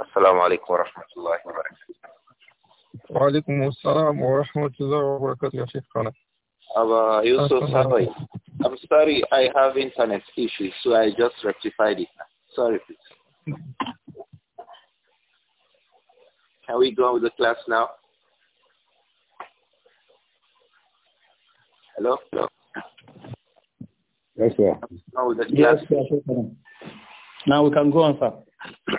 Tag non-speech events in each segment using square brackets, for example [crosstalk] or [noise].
السلام عليكم ورحمة الله وبركاته وعليكم السلام ورحمة الله وبركاته يا شيخ خالد Abba Yusuf, how I'm sorry, I have internet issues, so I just rectified it. Sorry, please. Can we go on with the class now? Hello? Hello? Yes, sir. Now, Yes, sir. now we can go on, sir.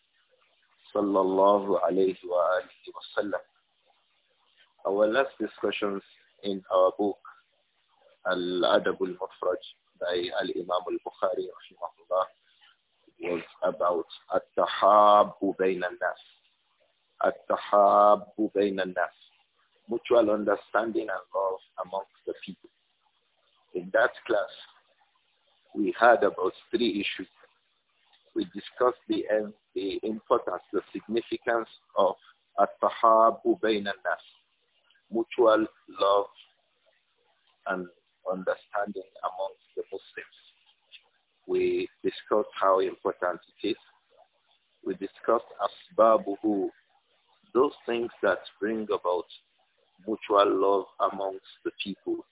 sallallahu alayhi wa alihi Our last discussions in our book Al-Adab al-Mufraj by Al-Imam al-Bukhari rahimahullah was about At-Tahabbu Bayn al-Nas. At-Tahabbu Bayn al-Nas. Mutual understanding and love amongst the people. In that class, we had about three issues we discussed the, um, the importance, the significance of at-tahabu nas mutual love and understanding amongst the Muslims. We discussed how important it is. We discussed asbabuhu, those things that bring about mutual love amongst the people.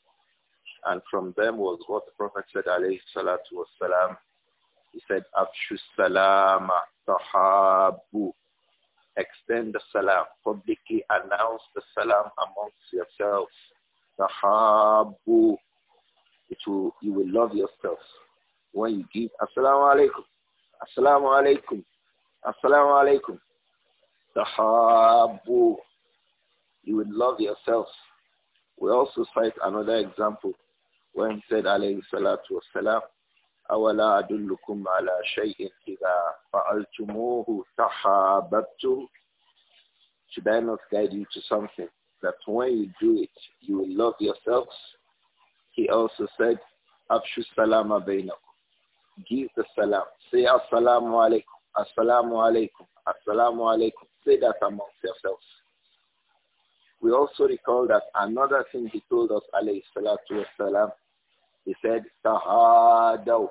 And from them was what the Prophet said, alayhi salatu he said, Afshu salama sahabu. Extend the salam. Publicly announce the salam amongst yourselves. Sahabu. It will, you will love yourselves. When you give, Assalamu alaikum. Assalamu alaikum. Assalamu alaikum. Sahabu. You will love yourselves. We also cite another example when said alayhi salatu wasalam أولا أدلكم على شيء إذا فعلتموه تحاببتم Should I not guide you to something that when you do it, you will love yourselves? He also said, Afshu salama bainakum. Give the salam. Say assalamu alaikum, assalamu alaikum, assalamu alaikum. Say that amongst yourselves. We also recall that another thing he told us, alayhi salatu wasalam, he said, tahadaw.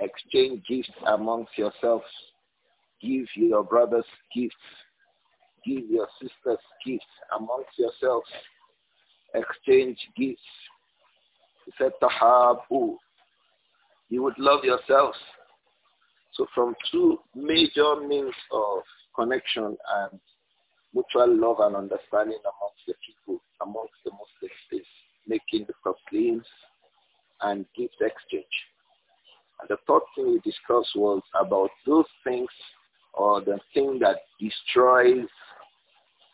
Exchange gifts amongst yourselves. Give your brothers gifts. Give your sisters gifts amongst yourselves. Exchange gifts. He said, Tahabu. You would love yourselves. So from two major means of connection and mutual love and understanding amongst the people, amongst the Muslims is making the proclaims and gift exchange. And the third thing we discussed was about those things or the thing that destroys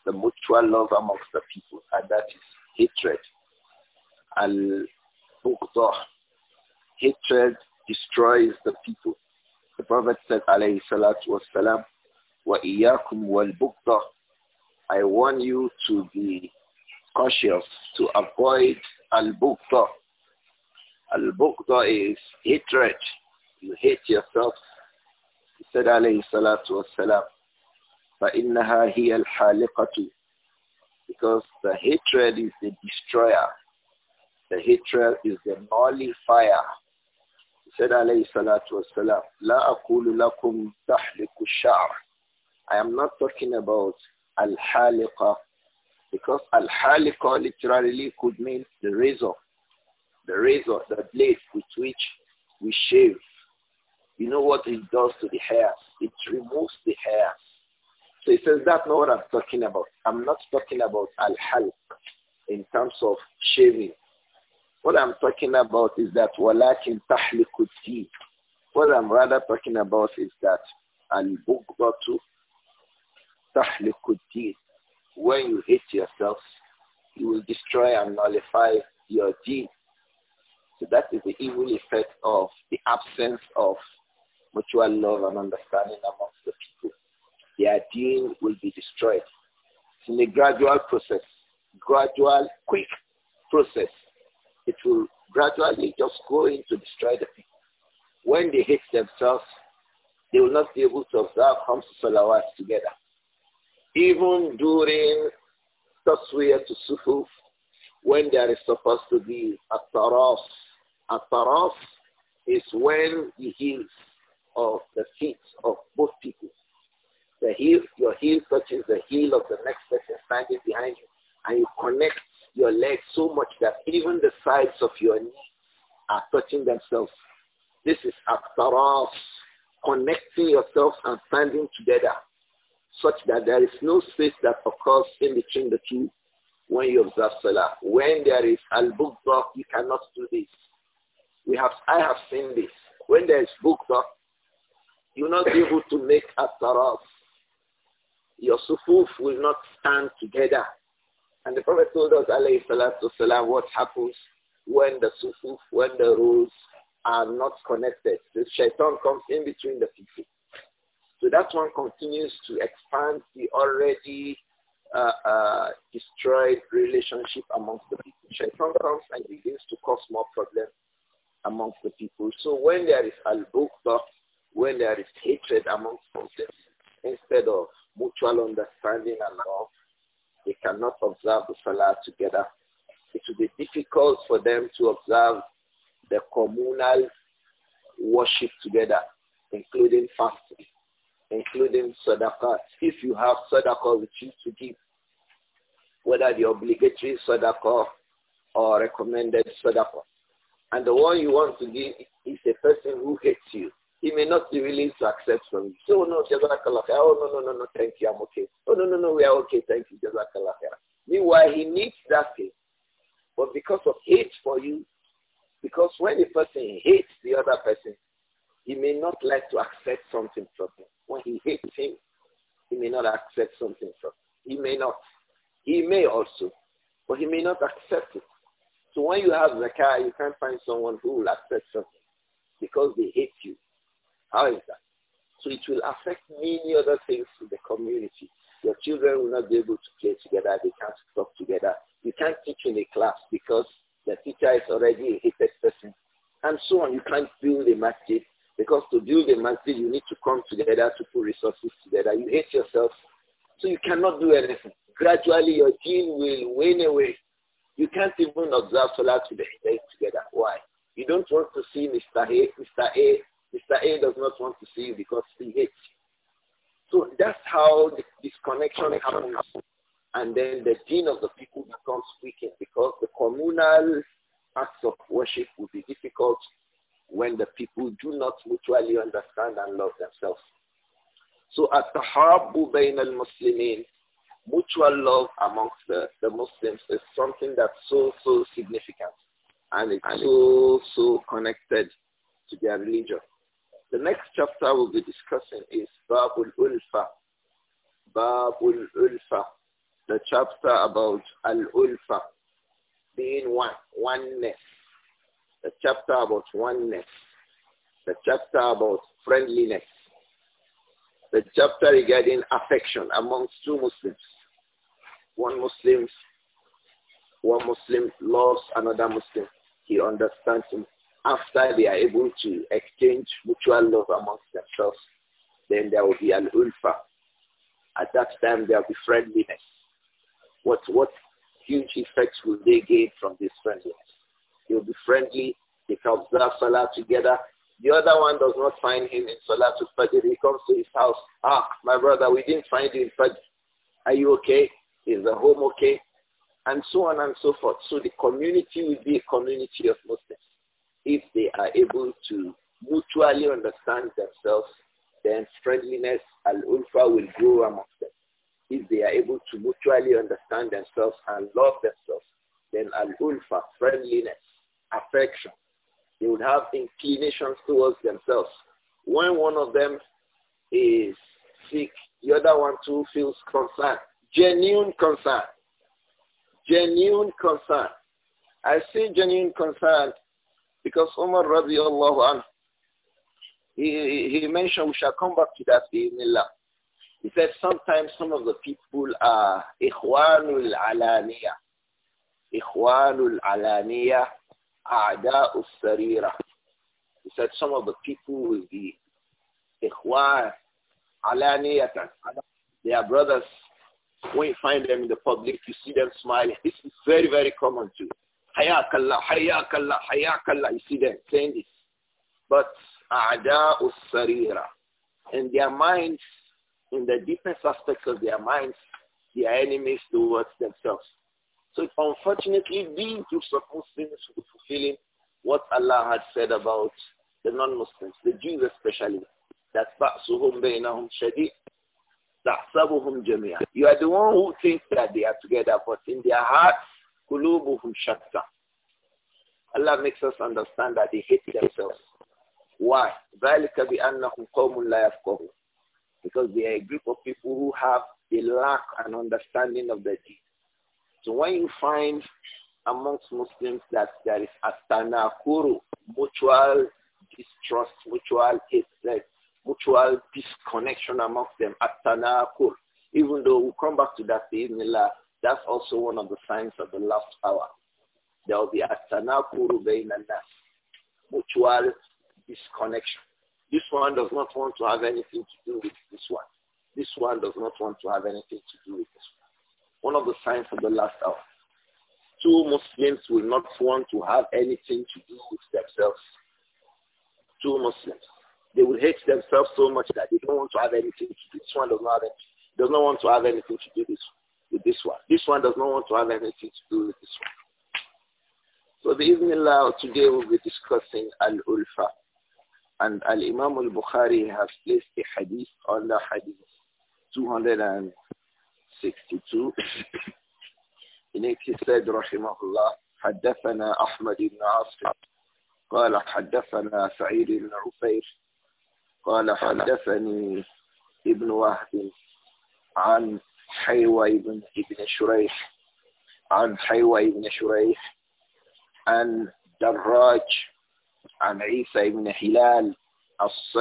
the mutual love amongst the people, and that is hatred. Al-Buqdah. Hatred destroys the people. The Prophet said, alayhi salatu wasalam, وَإِيَّاكُمْ وَالْبُقْضَةِ I want you to be cautious, to avoid al-buqta, al book is hatred. You hate yourself. He said, alayhi salatu wassalam, فَإِنَّهَا هِيَ الْحَالِقَةُ Because the hatred is the destroyer. The hatred is the nullifier. He said, alayhi salatu wassalam, لَا أَقُولُ لَكُمْ تَحْلِقُ الشَّعْرِ I am not talking about al-haliqa because al-haliqa literally could mean the razor the razor, the blade with which we shave. You know what it does to the hair? It removes the hair. So he says, that's not what I'm talking about. I'm not talking about al-halq in terms of shaving. What I'm talking about is that walakin tahliku teeth. What I'm rather talking about is that al-bugdatu tahliku teeth. When you hate yourself, you will destroy and nullify your deeds. So that is the evil effect of the absence of mutual love and understanding amongst the people. Their deen will be destroyed. It's in a gradual process, gradual, quick process. It will gradually just go in to destroy the people. When they hate themselves, they will not be able to observe Hamsa Salawat together. Even during Taswiyah to Sufuf, when there is supposed to be a taraf Ataraf is when the heels of the feet of both people. The heel, your heel touches the heel of the next person standing behind you, and you connect your legs so much that even the sides of your knees are touching themselves. This is Ataraf, connecting yourselves and standing together such that there is no space that occurs in between the two when you observe Salah. When there is al you cannot do this. We have, I have seen this. When there is bukta, you're not able to make a taraf. Your sufuf will not stand together. And the Prophet told us, alayhi salatu salam, what happens when the sufuf, when the rules are not connected. The shaitan comes in between the people. So that one continues to expand the already uh, uh, destroyed relationship amongst the people. Shaitan comes and begins to cause more problems amongst the people. So when there is when there is hatred amongst Muslims, instead of mutual understanding and love, they cannot observe the Salah together. It will be difficult for them to observe the communal worship together, including fasting, including sadaqah. If you have sadaqah which you to give, whether the obligatory sadaqah or recommended sadaqah. And the one you want to give is a person who hates you. He may not be willing to accept from you. So, no, Jazakallah. Oh, no, no, no, no, thank you, I'm okay. Oh, no, no, no, we are okay, thank you, Jazakallah. Meanwhile, he needs that thing. But because of hate for you, because when a person hates the other person, he may not like to accept something from him. When he hates him, he may not accept something from him. He may not. He may also, but he may not accept it. So when you have zakah, you can't find someone who will accept something because they hate you. How is that? So it will affect many other things in the community. Your children will not be able to play together. They can't talk together. You can't teach in a class because the teacher is already a hated person. And so on. You can't build a masjid because to build a masjid, you need to come together to put resources together. You hate yourself. So you cannot do anything. Gradually, your gene will wane away. You can't even observe Salah to the Hijjah together. Why? You don't want to see Mr. A. Mr. A. Mr. A does not want to see you because he hates you. So that's how the disconnection happens. And then the gene of the people becomes weakened because the communal acts of worship will be difficult when the people do not mutually understand and love themselves. So at-tahabbu bayn al-muslimin mutual love amongst the, the Muslims is something that's so, so significant and it's so, so connected to their religion. The next chapter we'll be discussing is Babul Ulfa. Babul Ulfa. The chapter about Al-Ulfa, being one, oneness. The chapter about oneness. The chapter about friendliness the chapter regarding affection amongst two Muslims. One Muslim, one Muslim loves another Muslim. He understands him. After they are able to exchange mutual love amongst themselves, then there will be an ulfa. At that time, there will be friendliness. What, what huge effects will they gain from this friendliness? They will be friendly. They can observe Salah together. The other one does not find him in to Fajr. He comes to his house. Ah, my brother, we didn't find you in Fajr. Are you okay? Is the home okay? And so on and so forth. So the community will be a community of Muslims. If they are able to mutually understand themselves, then friendliness, al-ulfa will grow amongst them. If they are able to mutually understand themselves and love themselves, then al-ulfa, friendliness, affection, they would have inclinations towards themselves. When one of them is sick, the other one too feels concerned. Genuine concern. Genuine concern. I see genuine concern because Umar radiallahu anhu, he, he mentioned, we shall come back to that in He said sometimes some of the people are ikhwanul alaniya. Ikhwanul alaniya a'da'us sarira. He said some of the people will be ikhwan alaniyatan. They are brothers when you find them in the public, you see them smiling. This is very, very common too. Hayakallah, hayakallah, hayakallah. You see them saying this. But a'da sarira. In their minds, in the different aspects of their minds, they are enemies towards themselves. So unfortunately, these groups of Muslims were fulfilling what Allah had said about the non-Muslims, the Jews especially, that بَأْسُهُمْ بَيْنَهُمْ شَدِيدٌ تحسبهم جميعا You are the one who thinks that they are together, but in their hearts, قلوبهم شتى. Allah makes us understand that they hate themselves. Why? Because they are a group of people who have a lack and understanding of the deed. So when you find amongst Muslims that there is astanakuru, mutual distrust, mutual hatred, mutual disconnection amongst them. at Even though we'll come back to that, Bismillah, that's also one of the signs of the last hour. There will be at-tanakuru bayna Mutual disconnection. This one does not want to have anything to do with this one. This one does not want to have anything to do with this one. One of the signs of the last hour. Two Muslims will not want to have anything to do with themselves. Two Muslims they will hate themselves so much that they don't want to have anything to do. This one does not does not want to have anything to do this, with this one. This one does not want to have anything to do with this one. So the evening law today we'll be discussing Al-Ulfa. And Al-Imam al-Bukhari has placed a hadith on the hadith 262. In it he said, "Rahimahullah." الله, حدثنا أحمد بن عاصم قال حدثنا سعيد بن عفير قال حدثني ابن وهب عن حيوى ابن ابن شريح عن حيوى ابن شريح عن دراج عن عيسى ابن هلال الص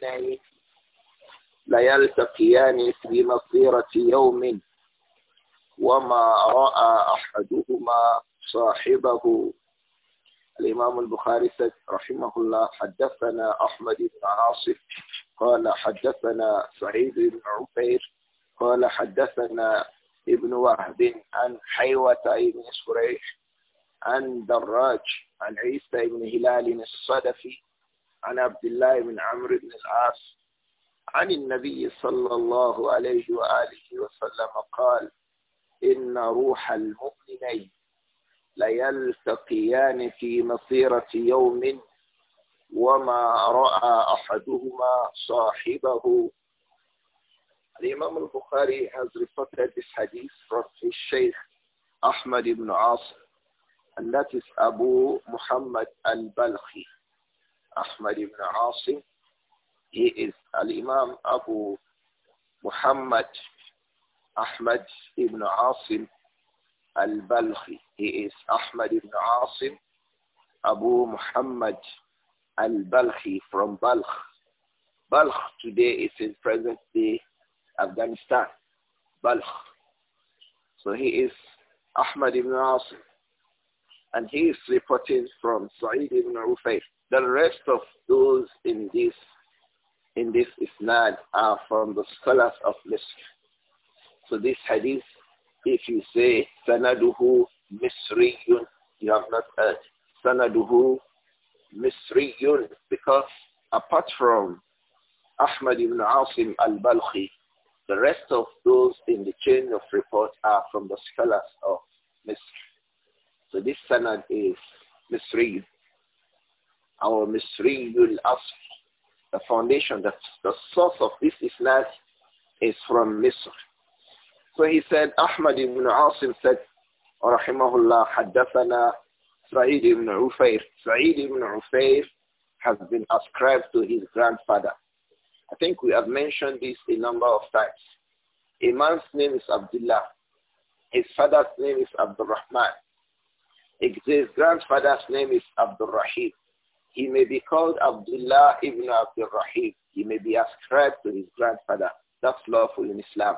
Thank you. ليلتقيان في مصيرة يوم وما رأى أحدهما صاحبه الإمام البخاري رحمه الله حدثنا أحمد بن عاصف قال حدثنا سعيد بن عبير قال حدثنا ابن وهب عن حيوة بن سريح عن دراج عن عيسى بن هلال الصدفي عن عبد الله بن عمرو بن العاص عن النبي صلى الله عليه وآله وسلم قال إن روح المؤمنين ليلتقيان في مصيرة يوم وما رأى أحدهما صاحبه الإمام البخاري has reported this hadith from his Sheikh Ahmad ibn Asim and that is Abu Muhammad al-Balkhi Ahmad ibn Asim He is Al-Imam Abu Muhammad Ahmad ibn Asim al-Balkhi. He is Ahmad ibn Asim Abu Muhammad al-Balkhi from Balkh. Balkh today is in present-day Afghanistan. Balkh. So he is Ahmad ibn Asim. And he is reporting from Sa'id ibn Ufayr. The rest of those in this in this isnad are from the scholars of Misr. So this hadith, if you say sanaduhu misriyun, you have not heard sanaduhu misriyun because apart from Ahmad ibn Asim al-Balkhi, the rest of those in the chain of report are from the scholars of Misr. So this sanad is Misri, our Misri al-Asr the foundation, the, the source of this Islam, is from Misr. So he said, Ahmad ibn Asim said, rahimahullah, haddathana Sa'id ibn Ufair. Sa'id ibn Ufair has been ascribed to his grandfather. I think we have mentioned this a number of times. A man's name is Abdullah. His father's name is Abdul Rahman. His grandfather's name is Abdul Rahim. He may be called Abdullah ibn Abdul Rahim. He may be ascribed to his grandfather. That's lawful in Islam.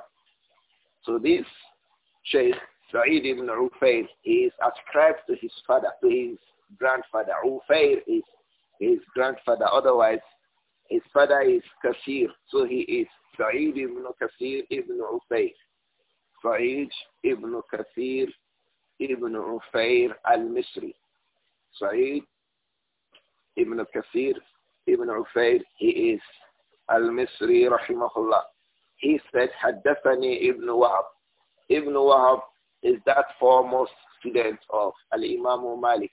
So this Sheikh Sa'id ibn Ufayr is ascribed to his father, to his grandfather. Ufayr is his grandfather. Otherwise, his father is Kasir. So he is Sa'id ibn Kasir ibn Ufayr. Sa'id ibn Kasir ibn Ufayr al-Misri. Sa'id Ibn al-Kasir, Ibn al Ufaid, he is al-Misri rahimahullah. He said, Haddathani Ibn Wahab. Ibn Wahab is that foremost student of al-Imam Malik.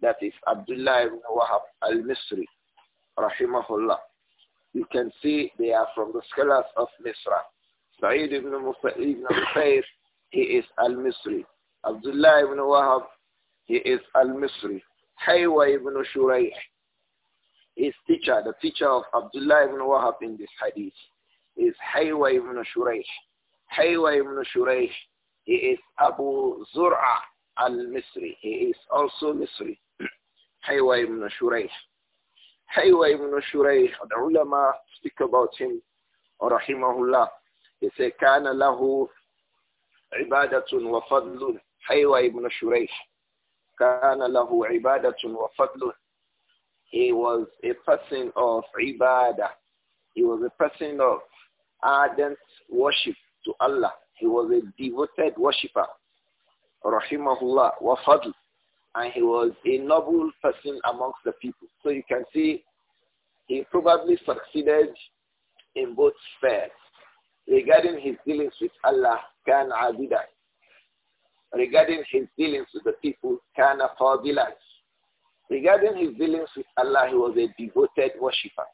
That is Abdullah Ibn Wahab al-Misri rahimahullah. You can see they are from the scholars of Misra. Sa'id ibn Al-Mufa, Al-Fayr, he is al-Misri. Abdullah ibn Wahab, he is al-Misri. Haywa ibn Shurayh, his teacher, the teacher of Abdullah ibn Wahab in this hadith, is Haywa ibn Shuraish. Haywa ibn Shuraish, he is Abu Zur'a al-Misri. He is also Misri. [clears throat] Haywa ibn Shuraish. Haywa ibn Shuraish, the ulama speak about him, rahimahullah. He said, كان له عبادة وفضل. Haywa ibn Kana lahu له عبادة وفضل. He was a person of ibadah. He was a person of ardent worship to Allah. He was a devoted worshipper. Rahimahullah wa fadl. And he was a noble person amongst the people. So you can see he probably succeeded in both spheres. Regarding his dealings with Allah, كان عبيدا. Regarding his dealings with the people, كان fadilah. Regarding his dealings with Allah, he was a devoted worshipper.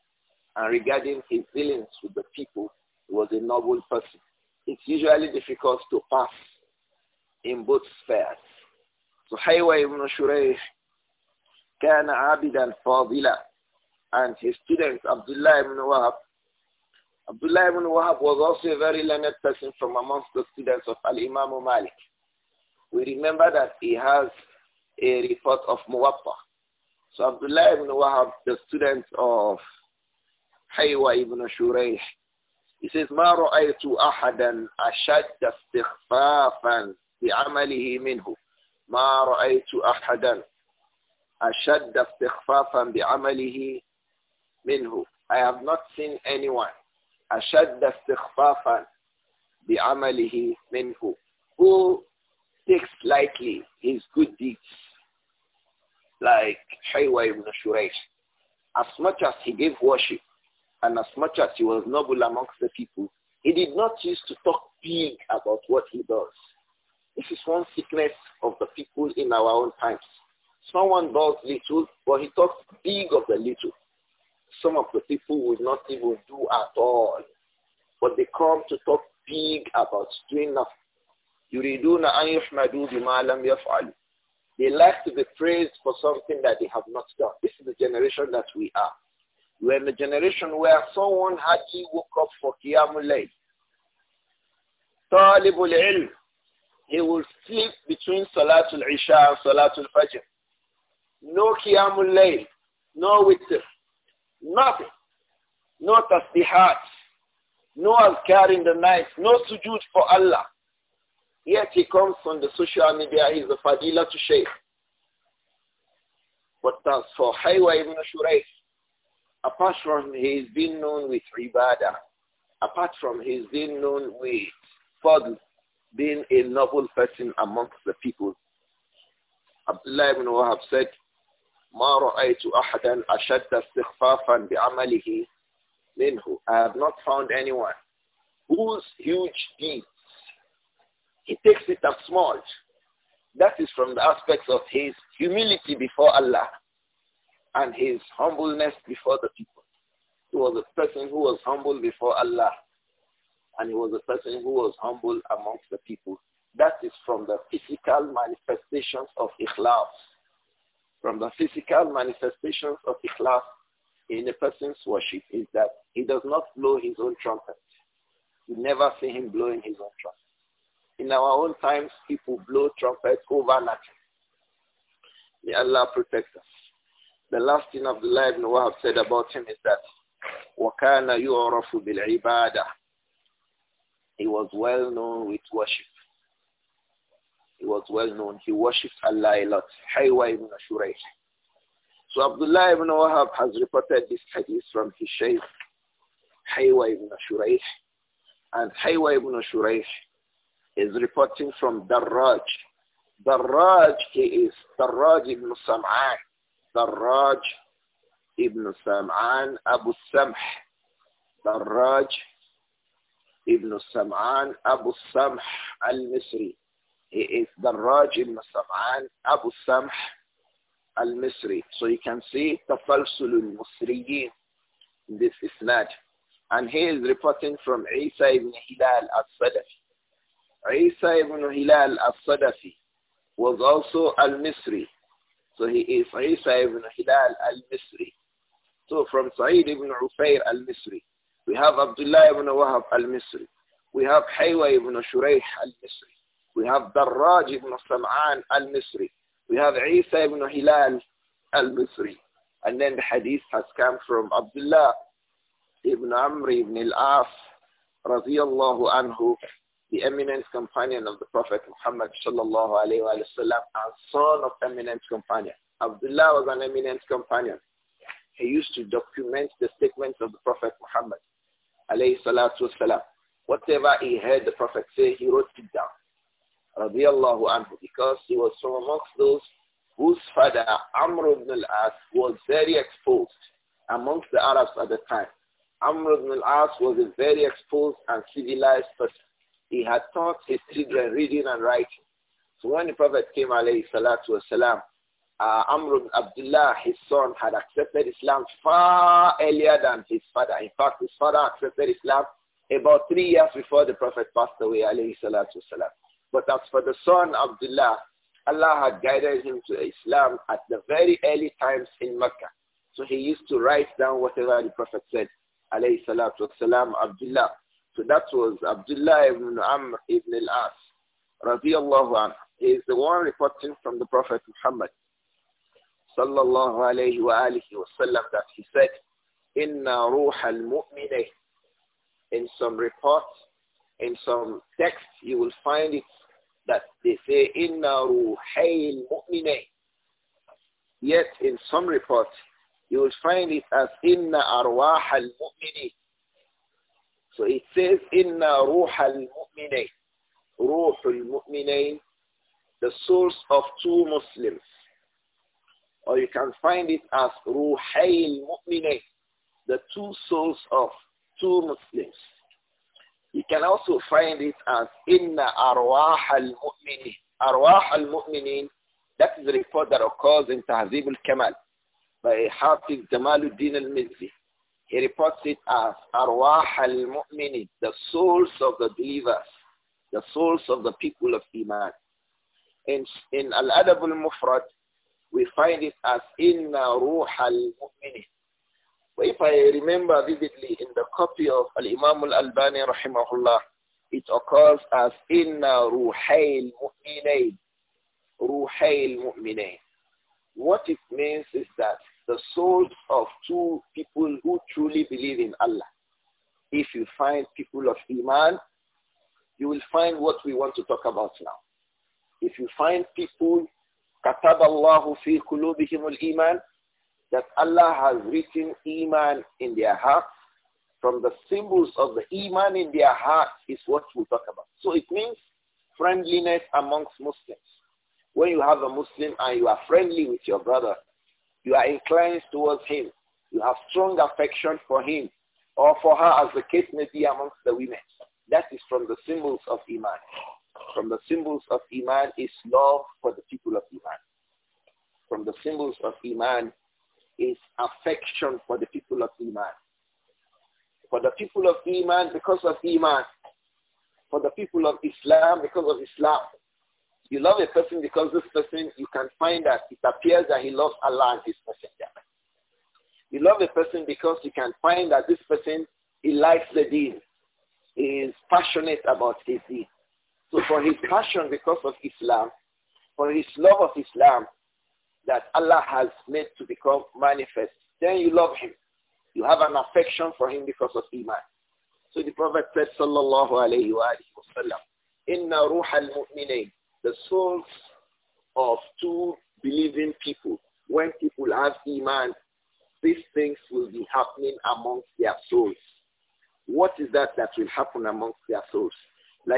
And regarding his dealings with the people, he was a noble person. It's usually difficult to pass in both spheres. So Haywa ibn Shurayh كان عابدا فاضلا and his student Abdullah ibn Wahab. Abdullah ibn Wahab was also a very learned person from amongst the students of Al-Imam Malik. We remember that he has a report of Muwaffaq. So Abdullah ibn Wahab, the student of Haywa ibn Shurayh, he says, ما رأيت أحدا أشد استخفافا بعمله منه. ما رأيت أحدا أشد استخفافا بعمله منه. I have not seen anyone أشد استخفافا بعمله منه who takes lightly his good deeds like Haywa ibn Shuraish. As much as he gave worship and as much as he was noble amongst the people, he did not use to talk big about what he does. This is one sickness of the people in our own times. Someone does little, but he talks big of the little. Some of the people would not even do at all, but they come to talk big about doing nothing. بما لم they like to be praised for something that they have not done. This is the generation that we are. We're in a generation where someone had to woke up for Qiyamul Layl. Talibul ilm. He will sleep between Salatul Isha and Salatul Fajr. No Qiyamul Layl. No witr. Nothing. No tasbihat. No azkar in the night. No sujood for Allah. Yet he comes on the social media, he's a Fadila to shaykh. But as for Haywa ibn Shurayh, apart from his being known with Ibadah, apart from his being known with Fadl, being a noble person amongst the people, Abdullah ibn Wahab said, ما رأيت أحدا أشد استخفافا بعمله منه. I have not found anyone whose huge deeds he takes it as small. That is from the aspects of his humility before Allah and his humbleness before the people. He was a person who was humble before Allah and he was a person who was humble amongst the people. That is from the physical manifestations of ikhlas. From the physical manifestations of ikhlas in a person's worship is that he does not blow his own trumpet. You never see him blowing his own trumpet. In our own times, people blow trumpets over nothing. May Allah protect us. The last thing of Abdullah ibn have said about him is that وَكَانَ يُعْرَفُ بِالْعِبَادَةِ He was well known with worship. He was well known. He worshipped Allah a lot. Haywa ibn Shurayh. So Abdullah ibn Wahab has reported this hadith from his shaykh, Haywa ibn Shurayh. And Haywa ibn Shurayh is reporting from Darraj. Darraj, he is Darraj ibn Sam'an. Darraj ibn Sam'an Abu Samh. Darraj ibn Sam'an Abu Samh al-Misri. He is Darraj ibn Sam'an Abu Samh al-Misri. So you can see Tafalsul al-Musriyin in this isnad. And he is reporting from Isa ibn Hilal al-Salafi. Isa ibn Hilal al-Sadafi was also al-Misri. So he is Isa ibn Hilal al-Misri. So from Sa'id ibn Ufayr al-Misri, we have Abdullah ibn Wahab al-Misri. We have Haywa ibn Shurayh al-Misri. We have Darraj ibn Sam'an al-Misri. We have Isa ibn Hilal al-Misri. And then the hadith has come from Abdullah ibn Amr ibn al-As radiyallahu anhu the eminent companion of the Prophet Muhammad sallallahu alayhi wa sallam son of eminent companion. Abdullah was an eminent companion. He used to document the statements of the Prophet Muhammad alayhi salatu wasalam. Whatever he heard the Prophet say, he wrote it down. Radiallahu anhu, because he was from amongst those whose father, Amr ibn al-As, was very exposed amongst the Arabs at the time. Amr ibn al-As was a very exposed and civilized person. He had taught his children reading and writing. So when the Prophet came, alayhi salatu wasalam, uh, Amr ibn Abdullah, his son, had accepted Islam far earlier than his father. In fact, his father accepted Islam about three years before the Prophet passed away, alayhi salatu wasalam. But as for the son, Abdullah, Allah had guided him to Islam at the very early times in Mecca. So he used to write down whatever the Prophet said, alayhi salatu wasalam, Abdullah. So that was Abdullah ibn Amr ibn al-As, radiallahu anhu. He is the one reporting from the Prophet Muhammad, sallallahu alayhi wa alihi wasallam, that he said, Inna ruha mumineh In some reports, in some texts, you will find it that they say, Inna ruhay al-mu'mineh. Yet in some reports, you will find it as Inna arwah al-mu'mineh so it says, Inna ruh al-mu'minayn. Ruh al the souls of two Muslims. Or you can find it as ruhay al-mu'minayn, the two souls of two Muslims. You can also find it as Inna arwah al-mu'minin. Arwah al-mu'minin, that is the report that occurs in Tahzib al-Kamal by Hafiz Jamaluddin al-Mizzi. He reports it as arwah al-mu'minin, the souls of the believers, the souls of the people of Iman. In, in Al-Adab al-Mufrad, we find it as inna ruh al-mu'minin. But if I remember vividly in the copy of Al-Imam al-Albani rahimahullah, it occurs as inna ruhay al-mu'minin. Ruhay al-mu'minin. What it means is that the souls of two people who truly believe in Allah. If you find people of Iman, you will find what we want to talk about now. If you find people, كَتَبَ اللَّهُ فِي قُلُوبِهِمُ الْإِيمَانِ that Allah has written Iman in their hearts, from the symbols of the Iman in their hearts is what we talk about. So it means friendliness amongst Muslims. When you have a Muslim and you are friendly with your brother, you are inclined towards him. You have strong affection for him or for her as the case may be amongst the women. That is from the symbols of Iman. From the symbols of Iman is love for the people of Iman. From the symbols of Iman is affection for the people of Iman. For the people of Iman because of Iman. For the people of Islam because of Islam. You love a person because this person, you can find that it appears that he loves Allah and his messenger. You love a person because you can find that this person, he likes the deen. He is passionate about his deen. So for his passion because of Islam, for his love of Islam that Allah has made to become manifest, then you love him. You have an affection for him because of Iman. So the Prophet said, Sallallahu alayhi wa sallam, ruha al-mu'mineen the souls of two believing people. When people have iman, these things will be happening amongst their souls. What is that that will happen amongst their souls? The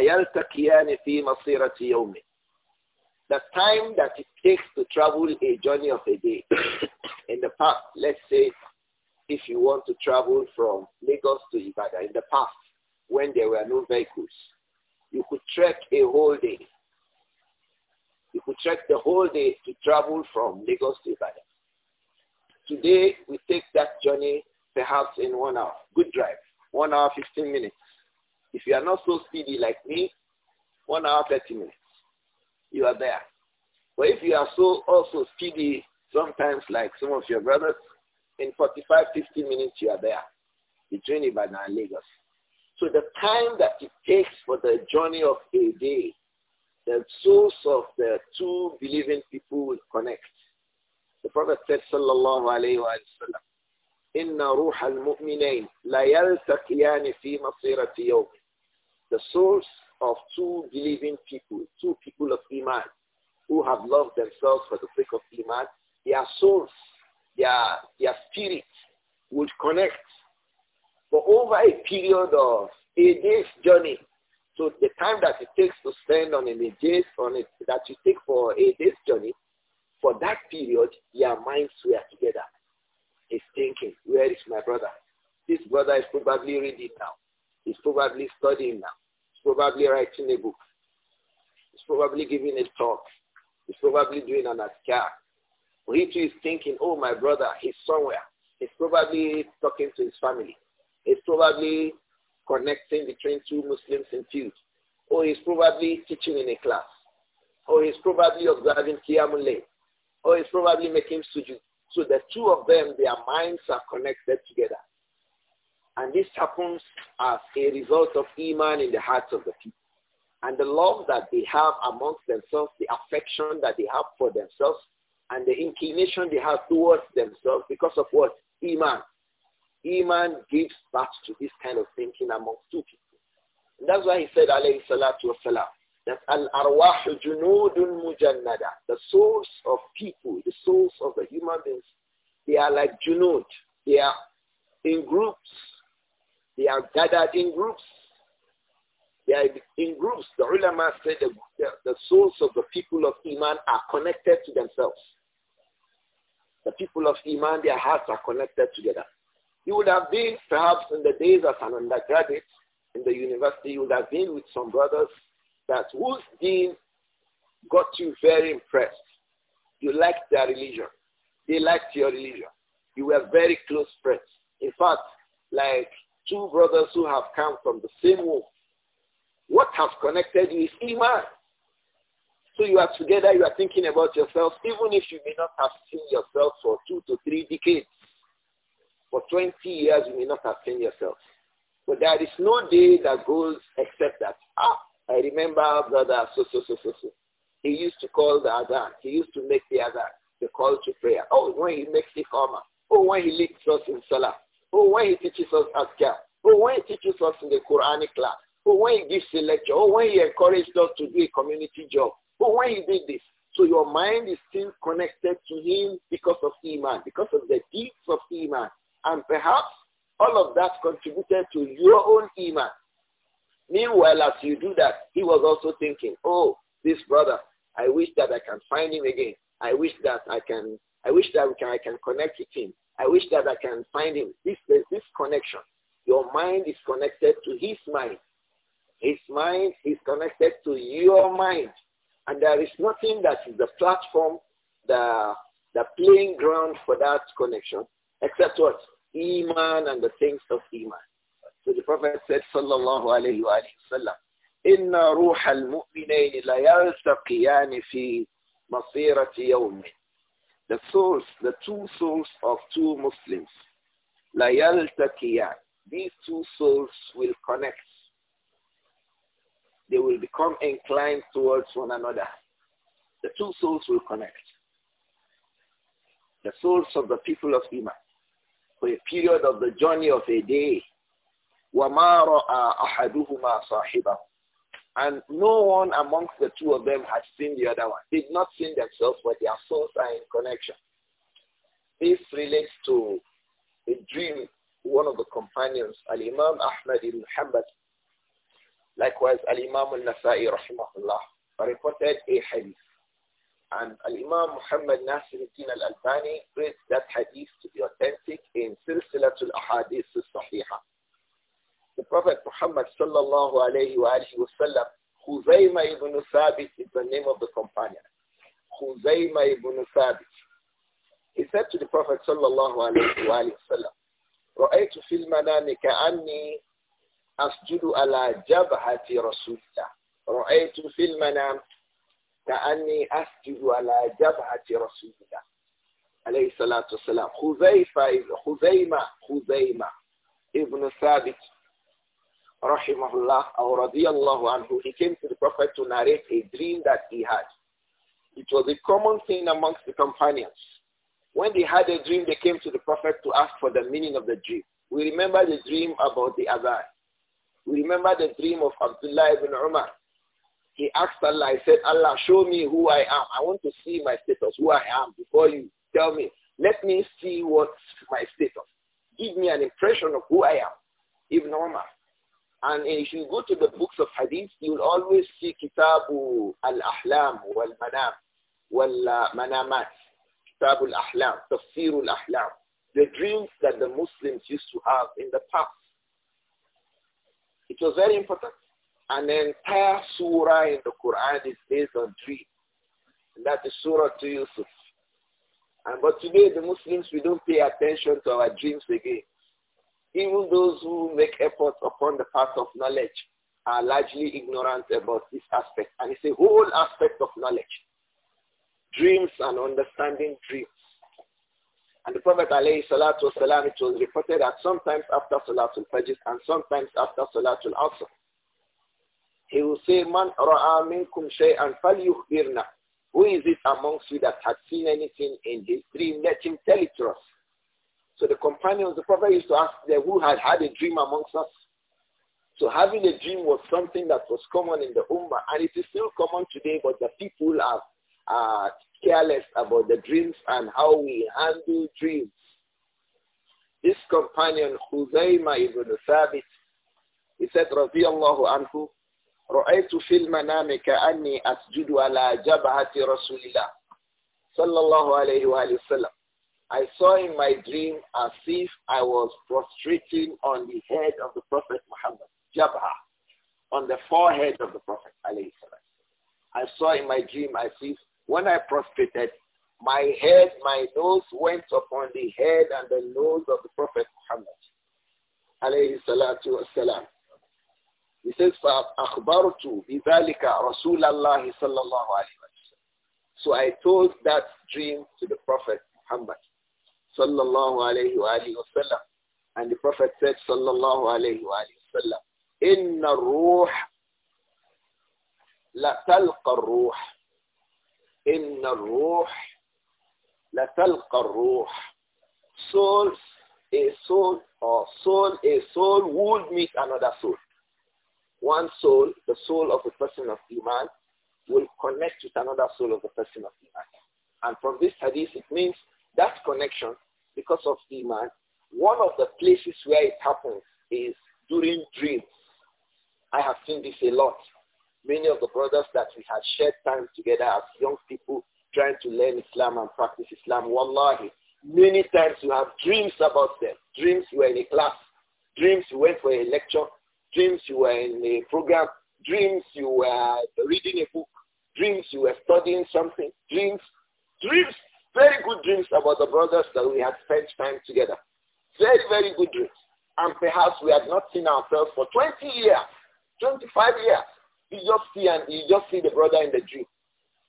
time that it takes to travel a journey of a day. [coughs] In the past, let's say if you want to travel from Lagos to Ibadan, in the past when there were no vehicles, you could trek a whole day you could trek the whole day to travel from Lagos to Ibadan. Today, we take that journey perhaps in one hour. Good drive. One hour, 15 minutes. If you are not so speedy like me, one hour, 30 minutes. You are there. But if you are so also speedy, sometimes like some of your brothers, in 45, 50 minutes, you are there between Ibadan and Lagos. So the time that it takes for the journey of a day the souls of the two believing people will connect. The Prophet said, sallallahu alayhi wasallam, sallam, إِنَّ رُوحَ الْمُؤْمِنَيْنِ لَيَلْتَقِيَانِ فِي مَصِيرَةِ يَوْمٍ The souls of two believing people, two people of Iman, who have loved themselves for the sake of Iman, their souls, their, their spirit would connect for over a period of a day's journey so the time that it takes to spend on a days on it that you take for a day's journey, for that period, your minds were together. He's thinking, where is my brother? This brother is probably reading now. He's probably studying now. He's probably writing a book. He's probably giving a talk. He's probably doing an askar. He too is thinking, oh, my brother, he's somewhere. He's probably talking to his family. He's probably connecting between two Muslims in feud. Or he's probably teaching in a class. Or he's probably observing Qiyamul Or he's probably making sujud. So the two of them, their minds are connected together. And this happens as a result of Iman in the hearts of the people. And the love that they have amongst themselves, the affection that they have for themselves, and the inclination they have towards themselves because of what? Iman. Iman gives birth to this kind of thinking among two people. And that's why he said, alayhi salatu wasalam, that al-arwahu junudun mujannada. The souls of people, the souls of the human beings, they are like junud. They are in groups. They are gathered in groups. They are in groups. The ulama said the, the, the souls of the people of Iman are connected to themselves. The people of Iman, their hearts are connected together. You would have been perhaps in the days as an undergraduate in the university, you would have been with some brothers that whose dean got you very impressed. You liked their religion. They liked your religion. You were very close friends. In fact, like two brothers who have come from the same womb. What has connected you is Iman. So you are together, you are thinking about yourself, even if you may not have seen yourself for two to three decades. For 20 years, you may not have seen yourself. But there is no day that goes except that, ah, I remember brother so, so, so, so, so. He used to call the Adhan. He used to make the Adhan, the call to prayer. Oh, when he makes the Qamah. Oh, when he leads us in Salah. Oh, when he teaches us Azkar. Oh, when he teaches us in the Quranic class. Oh, when he gives the lecture. Oh, when he encouraged us to do a community job. Oh, when he did this. So your mind is still connected to him because of Iman, because of the deeds of Iman. And perhaps all of that contributed to your own iman. Meanwhile, as you do that, he was also thinking, oh, this brother, I wish that I can find him again. I wish that I can, I wish that we can, I can connect with him. I wish that I can find him. This, there's this connection. Your mind is connected to his mind. His mind is connected to your mind. And there is nothing that is the platform, the, the playing ground for that connection, except what? Iman and the things of Iman. So the Prophet said, Sallallahu alayhi wa sallam, إِنَّ رُوحَ الْمُؤْمِنَيْنِ لَيَلْتَقِيَانِ fi masirati يَوْمٍ The souls, the two souls of two Muslims, la لَيَلْتَقِيَانِ These two souls will connect. They will become inclined towards one another. The two souls will connect. The souls of the people of Iman for a period of the journey of a day. And no one amongst the two of them had seen the other one. they not see themselves, but their souls are in connection. This relates to a dream one of the companions, Al-Imam Ahmad ibn Hanbal, likewise Al-Imam al-Nasai rahimahullah, reported a hadith and imam Muhammad Nasiruddin Al-Albani grades that hadith to be authentic in Silsilatul Ahadith Al-Sahihah. The Prophet Muhammad sallallahu alayhi wa alihi wa sallam, Khuzayma ibn Thabit is the name of the companion. Khuzayma ibn Thabit. He said to the Prophet sallallahu alayhi wa alihi wa sallam, رأيت في المنام كأني أسجد على جبهة رسول الله. رأيت في المنام كأني أسجد على جبهة رسول الله عليه الصلاة والسلام خزيفة خزيمة خزيمة ابن ثابت رحمه الله أو رضي الله عنه he came to the Prophet to narrate a dream that he had. It was a common thing amongst the companions. When they had a dream, they came to the Prophet to ask for the meaning of the dream. We remember the dream about the Adhan. We remember the dream of Abdullah ibn Umar he asked Allah, he said, Allah, show me who I am. I want to see my status, who I am before you. Tell me. Let me see what's my status. Give me an impression of who I am. Ibn Umar. And if you go to the books of hadith, you'll always see Kitabu al-Ahlam wal-Manam wal-Manamat. Kitabu al-Ahlam, Tafsir al-Ahlam. The dreams that the Muslims used to have in the past. It was very important. An entire surah in the Quran is based on dreams. And that is Surah to Yusuf. And but today the Muslims, we don't pay attention to our dreams again. Even those who make efforts upon the path of knowledge are largely ignorant about this aspect. And it's a whole aspect of knowledge. Dreams and understanding dreams. And the Prophet alayhi salatu wasalam, it was reported that sometimes after Salatul Fajr and sometimes after Salatul Asr, he will say, Man ra'a shay'an falyukhbirna. Who is it amongst you that has seen anything in his dream? Let him tell it to us. So the companions, the prophet used to ask them who had had a dream amongst us. So having a dream was something that was common in the Ummah, and it is still common today, but the people are, careless about the dreams and how we handle dreams. This companion, Huzayma ibn Thabit, he said, رضي الله عنه, رأيت في المنام كأني أسجد على جبهة رسول الله صلى الله عليه وآله وسلم I saw in my dream as if I was prostrating on the head of the Prophet Muhammad, Jabha, on the forehead of the Prophet. I saw in my dream as if when I prostrated, my head, my nose went upon the head and the nose of the Prophet Muhammad. He says, فَأَخْبَرْتُ بِذَلِكَ رَسُولَ اللَّهِ صَلَّى اللَّهُ عَلَيْهِ وَسَلَّمَ So I told that dream to the Prophet Muhammad صلى الله عليه وآله وسلم and the Prophet said صلى الله عليه وآله وسلم إن الروح لتلقى الروح إن الروح لتلقى الروح soul a soul or soul a soul would meet another soul one soul, the soul of a person of Iman, will connect with another soul of the person of Iman. And from this hadith, it means that connection, because of Iman, one of the places where it happens is during dreams. I have seen this a lot. Many of the brothers that we had shared time together as young people trying to learn Islam and practice Islam, wallahi, many times you have dreams about them. Dreams you were in a class. Dreams you went for a lecture dreams you were in a program, dreams you were reading a book, dreams you were studying something, dreams, dreams, very good dreams about the brothers that we had spent time together. Very, very good dreams. And perhaps we had not seen ourselves for 20 years, 25 years. You just see and you just see the brother in the dream.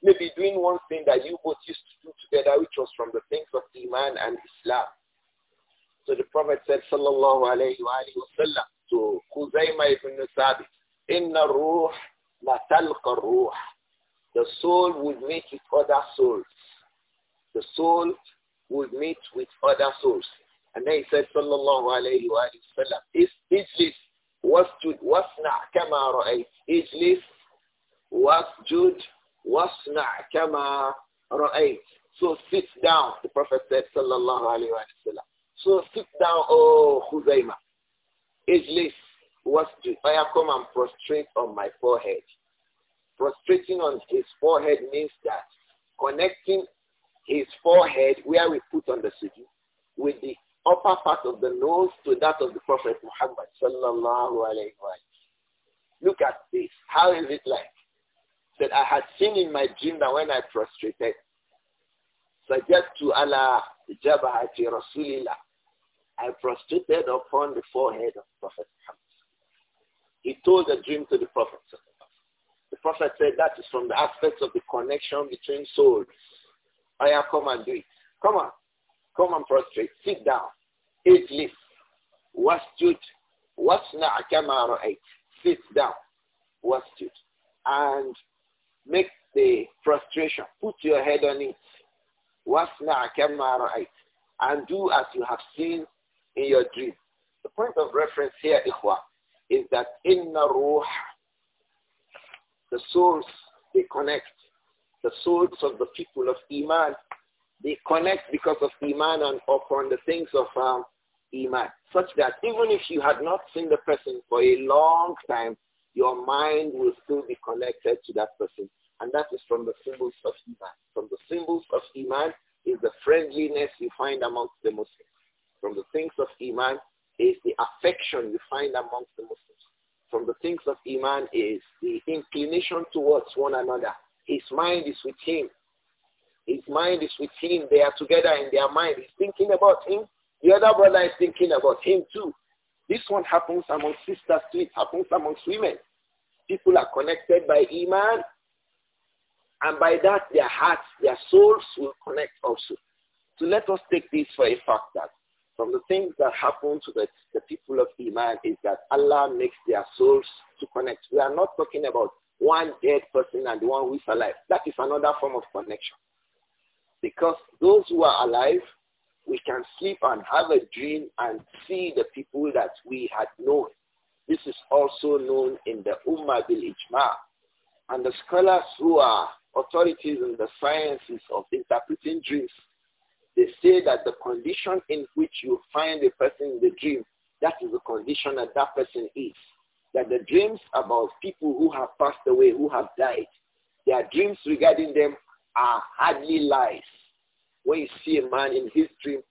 Maybe doing one thing that you both used to do together, which was from the things of Iman and Islam. So the Prophet said, Sallallahu Alaihi Wasallam, to Khuzaima ibn Thabit, Inna ruh la talqa ruh. The soul would meet with other souls. The soul would meet with other souls. And then he said, sallallahu alayhi wa sallam, Ijlis, wasjud, wasna' kama ra'ayt. Ijlis, wasjud, wasna' kama ra'ayt. So sit down, the Prophet said, sallallahu alayhi wa sallam. So sit down, oh Khuzaimah. Ageless, wasjud. I come and prostrate on my forehead. Prostrating on his forehead means that connecting his forehead, where we put on the sujood, with the upper part of the nose to that of the Prophet Muhammad sallallahu alayhi Look at this. How is it like? That I had seen in my dream that when I prostrated, sajadtu ala jabahati rasulillah. I prostrated upon the forehead of he told the dream to the Prophet. The Prophet said that is from the aspects of the connection between souls. I have come and do it. Come on. Come and prostrate. Sit down. Eight lifts. Wasjud. Wasna kama ra'ayt. Sit down. Wasjud. And make the prostration. Put your head on it. Wasna kama ra'ayt. And do as you have seen in your dream. The point of reference here, Ikhwah, is that the ruh, the souls, they connect. The souls of the people of Iman, they connect because of Iman and upon the things of um, Iman, such that even if you had not seen the person for a long time, your mind will still be connected to that person. And that is from the symbols of Iman. From the symbols of Iman is the friendliness you find amongst the Muslims. From the things of Iman is the affection you find amongst the Muslims. From the things of Iman is the inclination towards one another. His mind is with him. His mind is with him. They are together in their mind. He's thinking about him. The other brother is thinking about him too. This one happens among sisters too. It happens amongst women. People are connected by Iman. And by that, their hearts, their souls will connect also. So let us take this for a fact that from the things that happen to the, the people of Iman is that Allah makes their souls to connect. We are not talking about one dead person and the one who is alive. That is another form of connection. Because those who are alive, we can sleep and have a dream and see the people that we had known. This is also known in the Ummah bil Ijma. And the scholars who are authorities in the sciences of interpreting dreams, they say that the condition in which you find a person in the dream, that is the condition that that person is. That the dreams about people who have passed away, who have died, their dreams regarding them are hardly lies. When you see a man in his dream,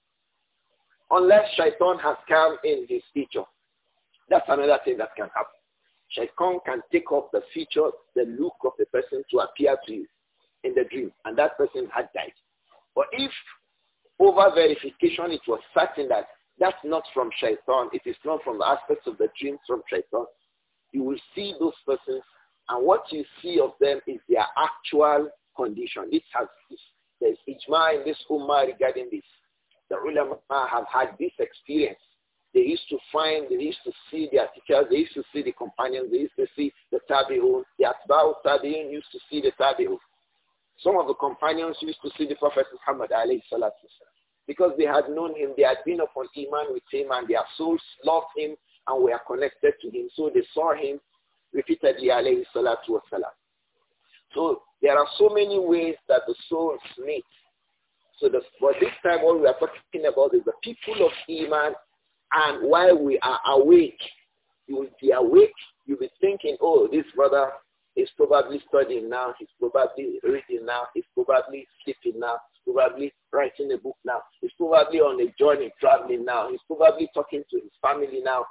unless shaitan has come in his feature, that's another thing that can happen. Shaitan can take off the feature, the look of the person to appear to you in the dream, and that person had died. But if over verification, it was certain that that's not from shaitan. It is not from the aspects of the dreams from shaitan. You will see those persons, and what you see of them is their actual condition. This has there's ijma in this ummah regarding this. The ulama have had this experience. They used to find, they used to see their teachers, they used to see the companions, they used to see the tabi'un. The atba'u tabi'un used to see the tabi'un. Some of the companions used to see the Prophet Muhammad alayhi because they had known him, they had been upon Iman with him and their souls loved him and were connected to him. So they saw him repeatedly alayhi salatu wasalam. So there are so many ways that the souls meet. So the, but this time all we are talking about is the people of Iman and while we are awake, you will be awake, you'll be thinking, oh, this brother He's probably studying now. He's probably reading now. He's probably sleeping now. He's probably writing a book now. He's probably on a journey traveling now. He's probably talking to his family now.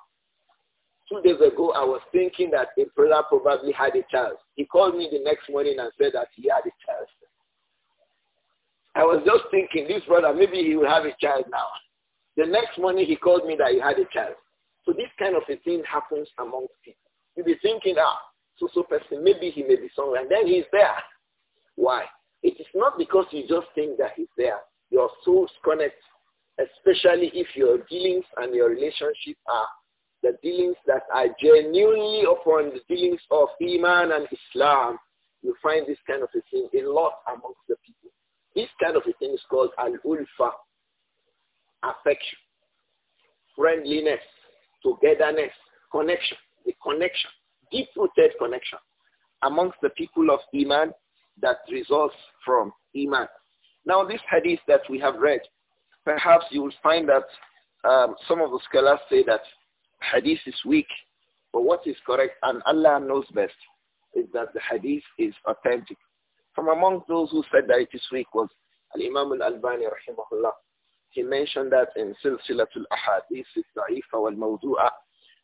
Two days ago, I was thinking that a brother probably had a child. He called me the next morning and said that he had a child. I was just thinking, this brother, maybe he will have a child now. The next morning, he called me that he had a child. So this kind of a thing happens amongst people. You'll be thinking, ah, so-so person, maybe he may be somewhere, and then he's there. Why? It is not because you just think that he's there. Your souls connect, especially if your dealings and your relationship are the dealings that are genuinely upon the dealings of Iman and Islam. You find this kind of a thing a lot amongst the people. This kind of a thing is called al-ulfa, affection, friendliness, togetherness, connection, the connection deep-rooted connection amongst the people of Iman that results from Iman. Now this hadith that we have read, perhaps you will find that um, some of the scholars say that hadith is weak, but what is correct, and Allah knows best, is that the hadith is authentic. From among those who said that it is weak was Al-Imam Al-Albani rahimahullah. He mentioned that in Silsilatul Ahadith al-Da'ifa wal-Mawdu'ah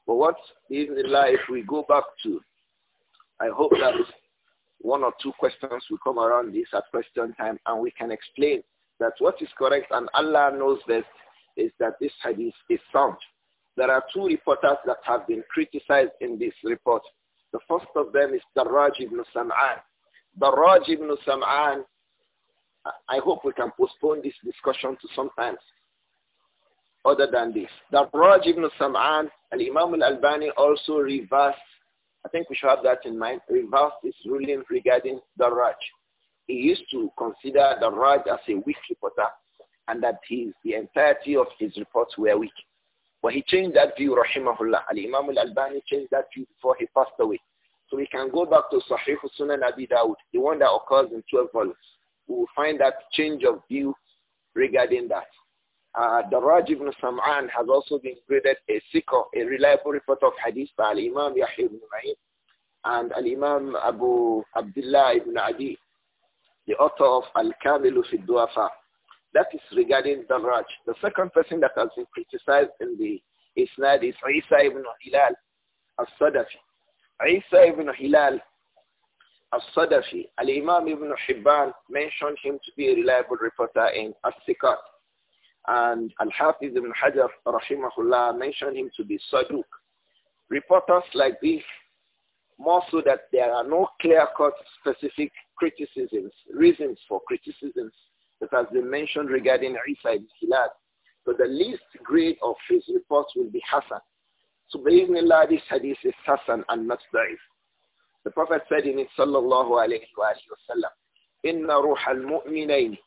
but what is the life we go back to? I hope that one or two questions will come around this at question time and we can explain that what is correct and Allah knows best is that this hadith is sound. There are two reporters that have been criticized in this report. The first of them is Darraj ibn Sam'an. Darraj ibn Sam'an, I hope we can postpone this discussion to sometimes other than this. The Raj ibn Sam'an, Al-Imam al-Albani also reversed, I think we should have that in mind, reversed his ruling regarding the Raj. He used to consider the Raj as a weak reporter and that his, the entirety of his reports were weak. But he changed that view, rahimahullah. Al-Imam al-Albani changed that view before he passed away. So we can go back to Sahih Sunan Abi Dawud, the one that occurs in 12 volumes. We will find that change of view regarding that. Uh, Daraj ibn Sam'an has also been graded a sikh, a reliable report of hadith by Al-Imam Yahya ibn Ma'in and Al-Imam Abu Abdullah ibn Adi, the author of Al-Kamilu fi Duafa. That is regarding Daraj. The second person that has been criticized in the Isnad is Isa ibn Hilal al-Sadafi. Isa ibn Hilal al-Sadafi, Al-Imam ibn Hibban mentioned him to be a reliable reporter in As-Sikat. And Al-Hafiz ibn Hajar, rahimahullah, mentioned him to be Saduq. Reporters like this, more so that there are no clear-cut specific criticisms, reasons for criticisms that has been mentioned regarding Isa ibn Hilal. So the least grade of his reports will be Hassan. So Allah, this hadith is Hassan and not Da'if. The Prophet said in it, sallallahu alayhi wa sallam, إِنَّ رُوحَ الْمُؤْمِنَيْنِ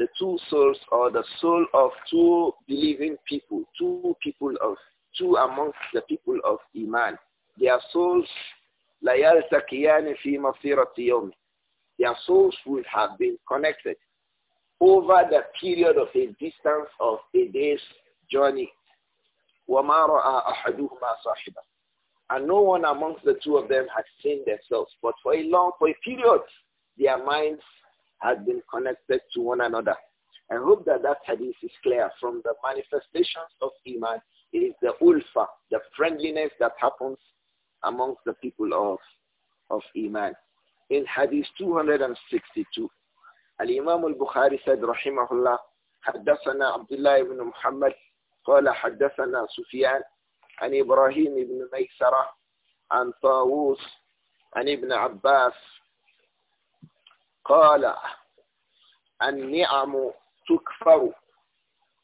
the two souls or the soul of two believing people, two people of, two amongst the people of Iman. Their souls, la yaltaqiyani fi mafirati yawmi. Their souls would have been connected over the period of a distance of a day's journey. and no one amongst the two of them had seen themselves. But for a long, for a period, their minds has been connected to one another. I hope that that hadith is clear. From the manifestations of Iman, it is the ulfa, the friendliness that happens amongst the people of, of Iman. In hadith 262, الإمام البخاري said رحمه الله حدثنا عبد الله بن محمد قال حدثنا سفيان عن إبراهيم بن ميسرة عن طاووس عن ابن عباس قال النعم تكفر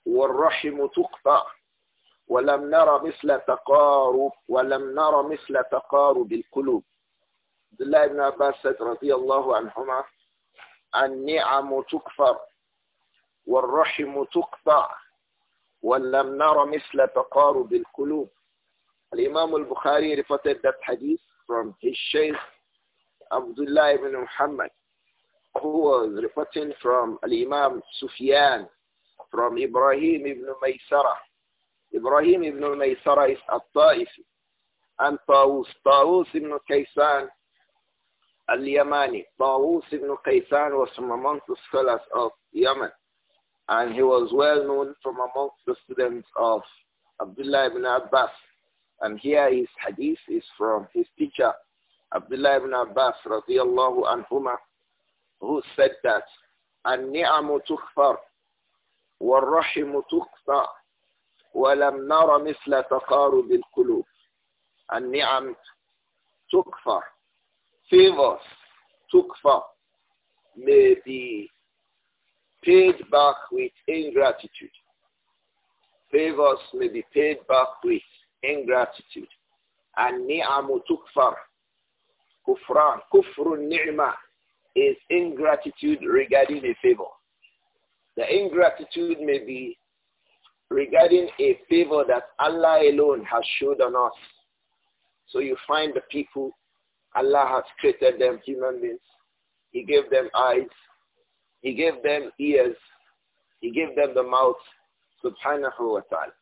والرحم تقطع ولم نرى مثل تقارب ولم نرى مثل تقارب القلوب عبد الله بن عباس رضي الله عنهما النعم تكفر والرحم تقطع ولم نرى مثل تقارب القلوب الإمام البخاري reported that hadith from his الله Abdullah ibn Muhammad who was reporting from Al-Imam Sufyan, from Ibrahim ibn Maysara. Ibrahim ibn Maysara is a taifi And Tawus, Tawus ibn Kaysan Al-Yamani. Tawus ibn Kaysan was from the scholars of Yemen. And he was well known from amongst the students of Abdullah ibn Abbas. And here his hadith is from his teacher, Abdullah ibn Abbas, radiallahu anhumah who said that النعم تكفر والرحم تقطع ولم نر مثل تقارب القلوب النعم تكفر favors تكفر may be paid back with ingratitude. Favors may be paid back with ingratitude. And ni'amu tukfar. Kufran. Kufru ni'ma is ingratitude regarding a favor. The ingratitude may be regarding a favor that Allah alone has showed on us. So you find the people, Allah has created them human beings. He gave them eyes. He gave them ears. He gave them the mouth, subhanahu wa ta'ala.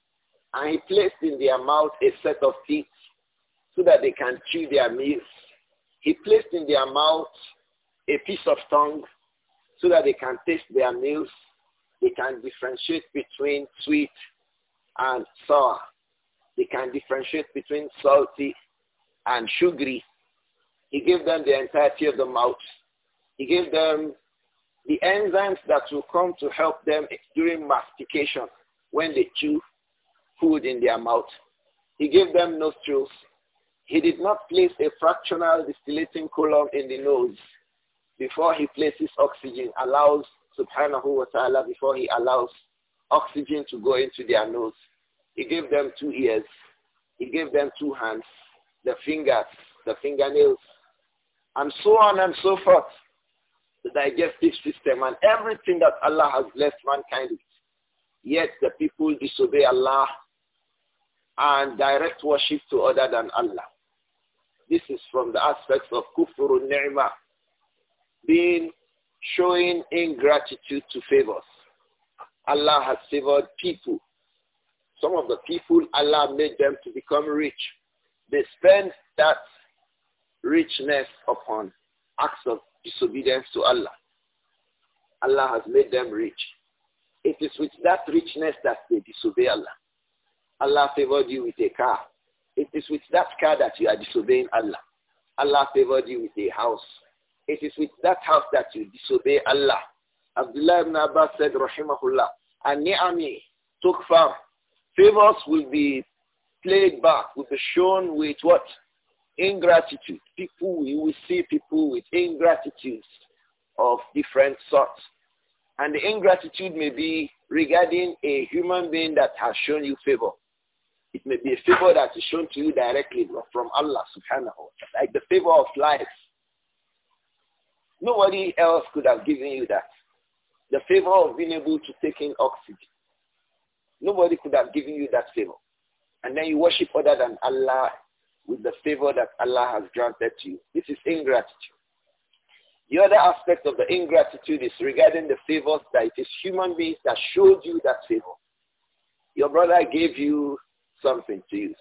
And he placed in their mouth a set of teeth so that they can chew their meals. He placed in their mouth a piece of tongue so that they can taste their meals. They can differentiate between sweet and sour. They can differentiate between salty and sugary. He gave them the entirety of the mouth. He gave them the enzymes that will come to help them during mastication when they chew food in their mouth. He gave them nostrils. He did not place a fractional distillating column in the nose before he places oxygen, allows, subhanahu wa ta'ala, before he allows oxygen to go into their nose, he gave them two ears. He gave them two hands, the fingers, the fingernails, and so on and so forth. The digestive system and everything that Allah has blessed mankind with. Yet the people disobey Allah and direct worship to other than Allah. This is from the aspects of kufr ni'mah, being showing ingratitude to favors. Allah has favored people. Some of the people, Allah made them to become rich. They spend that richness upon acts of disobedience to Allah. Allah has made them rich. It is with that richness that they disobey Allah. Allah favored you with a car. It is with that car that you are disobeying Allah. Allah favored you with a house. It is with that house that you disobey Allah. Abdullah ibn Abbas said, Rahimahullah, An-ni'ami far. Favors will be played back, will be shown with what? Ingratitude. People, you will see people with ingratitudes of different sorts. And the ingratitude may be regarding a human being that has shown you favor. It may be a favor that is shown to you directly from Allah subhanahu wa ta'ala, like the favor of life Nobody else could have given you that. The favor of being able to take in oxygen. Nobody could have given you that favor. And then you worship other than Allah with the favor that Allah has granted to you. This is ingratitude. The other aspect of the ingratitude is regarding the favors that it is human beings that showed you that favor. Your brother gave you something to use.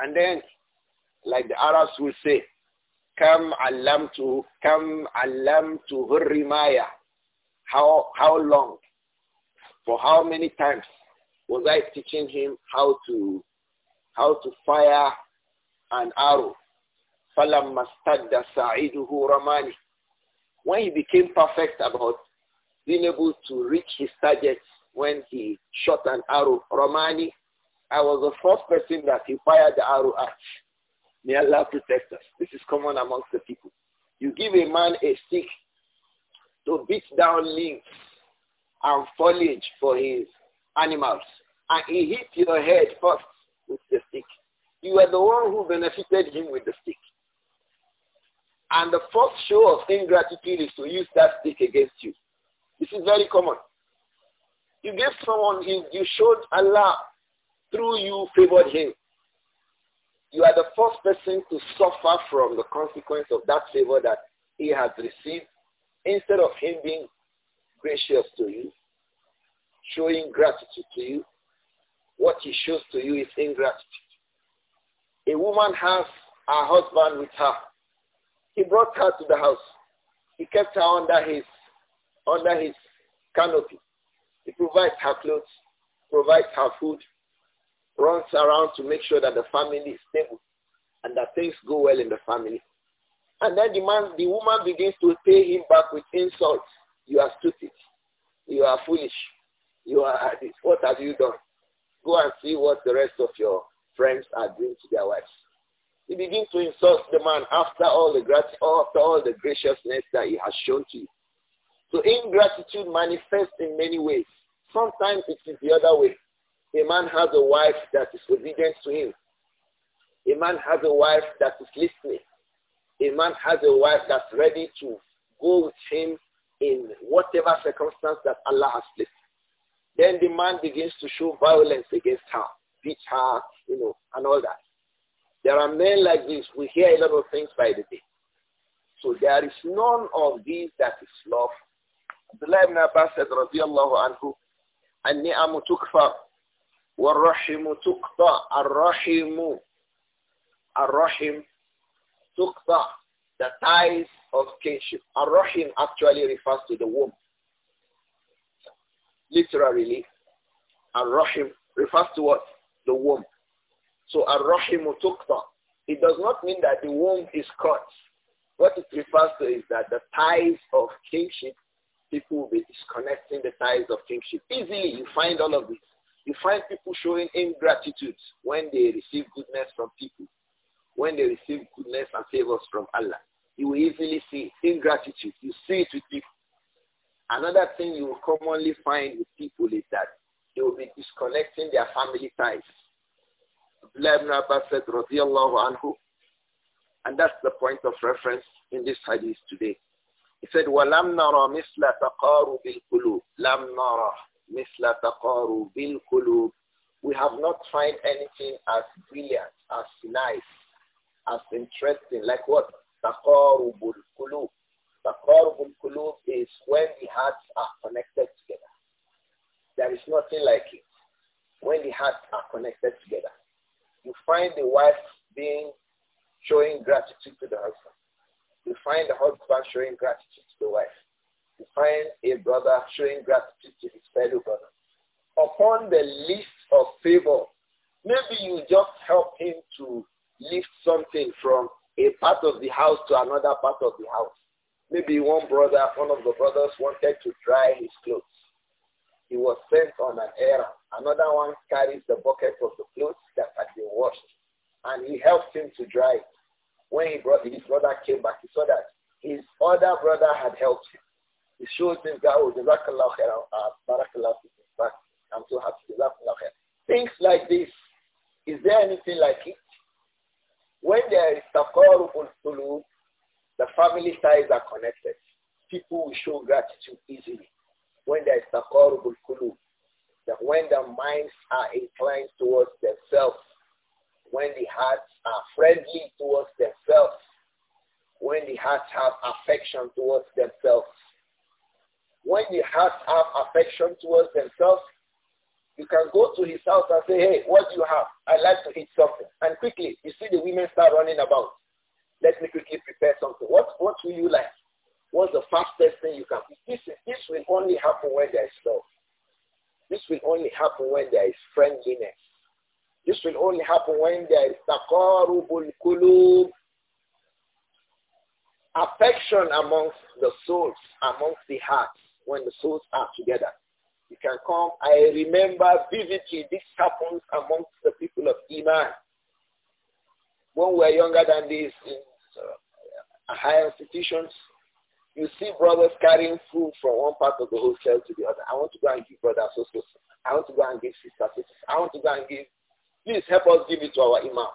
And then, like the Arabs will say, Kam allamtu, kam allamtu hurrimaya. How, how long? For how many times was I teaching him how to, how to fire an arrow? فَلَمَّا اسْتَدَّ سَعِيدُهُ رَمَانِهِ When he became perfect about being able to reach his target when he shot an arrow, Romani, I was the first person that he fired the arrow at. May Allah protect us. This is common amongst the people. You give a man a stick to beat down leaves and foliage for his animals, and he hit your head first with the stick. You are the one who benefited him with the stick. And the first show of ingratitude is to use that stick against you. This is very common. You gave someone, you, you showed Allah through you favored him you are the first person to suffer from the consequence of that favor that he has received instead of him being gracious to you, showing gratitude to you. What he shows to you is ingratitude. A woman has her husband with her. He brought her to the house. He kept her under his under his canopy. He provides her clothes, provides her food, runs around to make sure that the family is stable and that things go well in the family. And then the man, the woman begins to pay him back with insults. You are stupid. You are foolish. You are [laughs] What have you done? Go and see what the rest of your friends are doing to their wives. He begins to insult the man after all the grat- after all the graciousness that he has shown to you. So ingratitude manifests in many ways. Sometimes it is the other way. A man has a wife that is obedient to him. A man has a wife that is listening. A man has a wife that's ready to go with him in whatever circumstance that Allah has placed. Then the man begins to show violence against her, beat her, you know, and all that. There are men like this. We hear a lot of things by the day. So there is none of these that is love. Abdullah ibn Abbas said, رضي الله عنه, النعم والرحم تقطع الرحم الرحم تقطع the ties of kinship. Ar-Rahim actually refers to the womb. Literally, Ar-Rahim refers to what? The womb. So Ar-Rahim tuqta. It does not mean that the womb is cut. What it refers to is that the ties of kingship, people will be disconnecting the ties of kingship. Easily, you find all of this. You find people showing ingratitude when they receive goodness from people, when they receive goodness and favors from Allah. You will easily see ingratitude. You see it with people. Another thing you will commonly find with people is that they will be disconnecting their family ties. Abdullah ibn Abbas said, radiallahu anhu, and that's the point of reference in this hadith today. He said, وَلَمْ نَرَى مِثْلَ تَقَارُبِ الْقُلُوبِ لَمْ نَرَى مثل تقارب القلوب we have not found anything as brilliant, as nice, as interesting, like what? Taqarubul Kulub. Taqarubul Kulub is when the hearts are connected together. There is nothing like it. When the hearts are connected together. You find the wife being, showing gratitude to the husband. You find the husband showing gratitude to the wife find a brother showing gratitude to his fellow brother. Upon the list of favor, maybe you just help him to lift something from a part of the house to another part of the house. Maybe one brother, one of the brothers wanted to dry his clothes. He was sent on an errand. Another one carries the bucket of the clothes that had been washed, and he helped him to dry it. When he brought, his brother came back, he saw that his other brother had helped him. It shows this guy, oh, Jazakallah khair, uh, I'm so happy, Jazakallah Things like this, is there anything like it? When there is taqarubul kuloo, the family ties are connected. People will show gratitude easily. When there is taqarubul kuloo, that when the minds are inclined towards themselves, when the hearts are friendly towards themselves, when the hearts have affection towards themselves, when the hearts have affection towards themselves, you can go to his house and say, hey, what do you have? I'd like to eat something. And quickly, you see the women start running about. Let me quickly prepare something. What, what will you like? What's the fastest thing you can? This, this will only happen when there is love. This will only happen when there is friendliness. This will only happen when there is taqarubul kulub. Affection amongst the souls, amongst the hearts when the souls are together. You can come. I remember vividly this happens amongst the people of Iman. When we're younger than this, in uh, higher institutions, you see brothers carrying food from one part of the hotel to the other. I want to go and give brother so so. I want to go and give sister so I want to go and give. Please help us give it to our imam.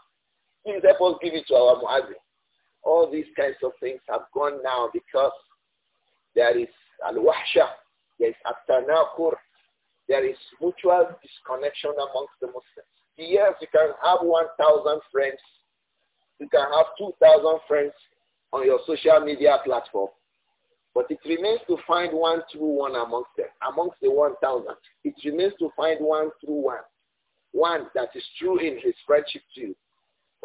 Please help us give it to our muazzin. All these kinds of things have gone now because there is al-wahsha, there is at-tanakur, there is mutual disconnection amongst the Muslims. Yes, you can have 1,000 friends, you can have 2,000 friends on your social media platform, but it remains to find one true one amongst them, amongst the 1,000. It remains to find one true one, one that is true in his friendship to you.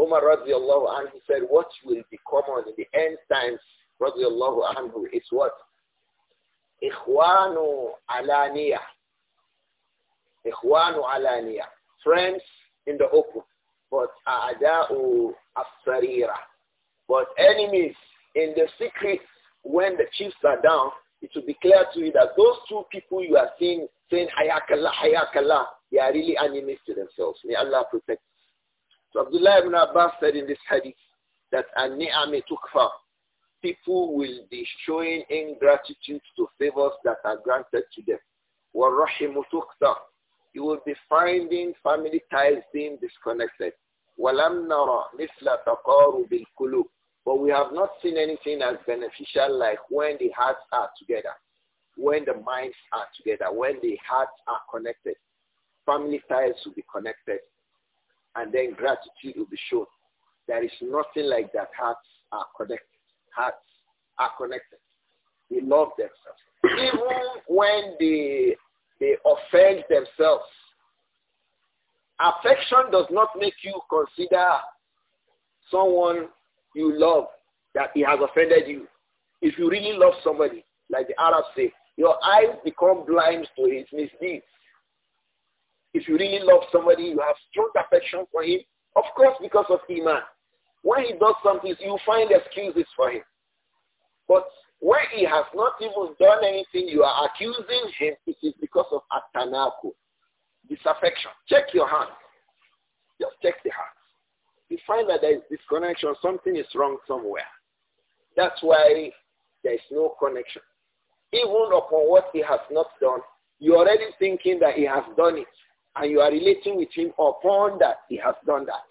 Umar radiallahu anhu said, what will be common in the end times, radiallahu anhu, is what? Ikhwanu alaniya. Ikhwanu alaniya. Friends in the open, but a'da'u asarira. But enemies in the secret, when the chiefs are down, it will be clear to you that those two people you are seeing saying hayakallah, hayakallah, they are really enemies to themselves. May Allah protect. So Abdullah ibn Abbas said in this hadith that an-ni'ami people will be showing ingratitude to favors that are granted to them. وَالرَّحِمُ تُقْتَرْ You will be finding family ties being disconnected. وَلَمْ نَرَى مِثْلَ تَقَارُبِ But we have not seen anything as beneficial like when the hearts are together, when the minds are together, when the hearts are connected. Family ties will be connected and then gratitude will be shown. There is nothing like that hearts are connected hearts are connected. They love themselves. Even when they, they offend themselves, affection does not make you consider someone you love that he has offended you. If you really love somebody, like the Arabs say, your eyes become blind to his misdeeds. If you really love somebody, you have strong affection for him, of course because of Iman. When he does something, you find excuses for him. But when he has not even done anything, you are accusing him. It is because of atanako, disaffection. Check your hands. Just check the hands. You find that there is disconnection. Something is wrong somewhere. That's why there is no connection. Even upon what he has not done, you're already thinking that he has done it. And you are relating with him upon that he has done that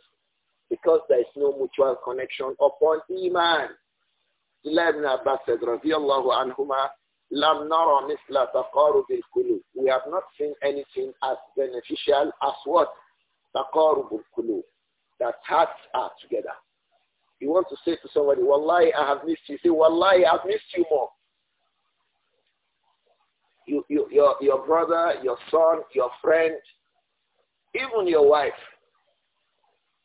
because there is no mutual connection upon iman. ibn Abbas said, radiyallahu anhuma, lam nara misla taqarub al We have not seen anything as beneficial as what? Taqarub al That hearts are together. You want to say to somebody, Wallahi, I have missed you. Say, Wallahi, I have missed you more. You, you, your, your brother, your son, your friend, even your wife,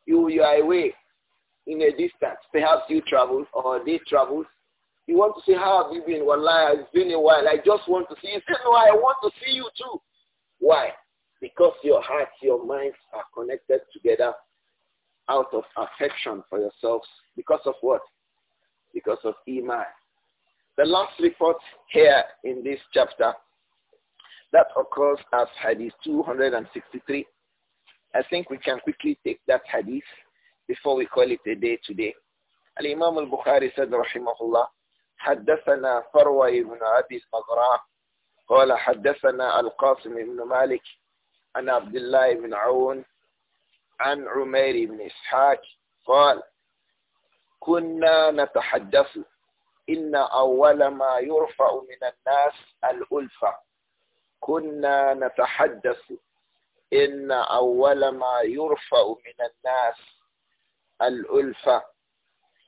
you, you are away in a distance. Perhaps you travel or they travel. You want to see how have you been? Wallahi, it's been a while. I just want to see you. Say, no, I want to see you too. Why? Because your hearts, your minds are connected together out of affection for yourselves. Because of what? Because of Iman. The last report here in this chapter that occurs as Hadith 263 I think we can quickly take that hadith before we call it a day today. Al-Imam al-Bukhari said, rahimahullah, حدثنا فروي بن أبي الصغراء قال حدثنا القاسم بن مالك عن عبد الله بن عون عن عمير بن إسحاق قال كنا نتحدث إن أول ما يرفع من الناس الألفة كنا نتحدث إن أول ما يرفع من الناس الألفة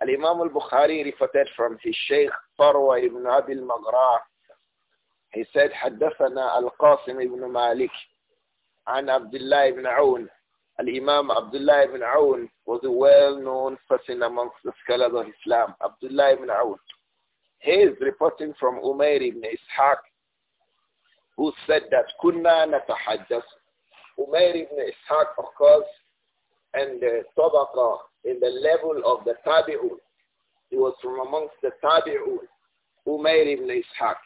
الإمام البخاري reported from his sheikh طروى ibn أبي المغراء he said حدثنا القاسم ibn مالك عن عبد الله بن عون الإمام عبد الله بن عون was a well-known person amongst the scholars of Islam Abdullah ibn Aoun he is reporting from Umair ibn Ishaq who said that كنا نتحدث Umair ibn Ishaq, of course, and the uh, Tabaqa in the level of the Tabi'un. He was from amongst the Tabi'un, Umair ibn Ishaq.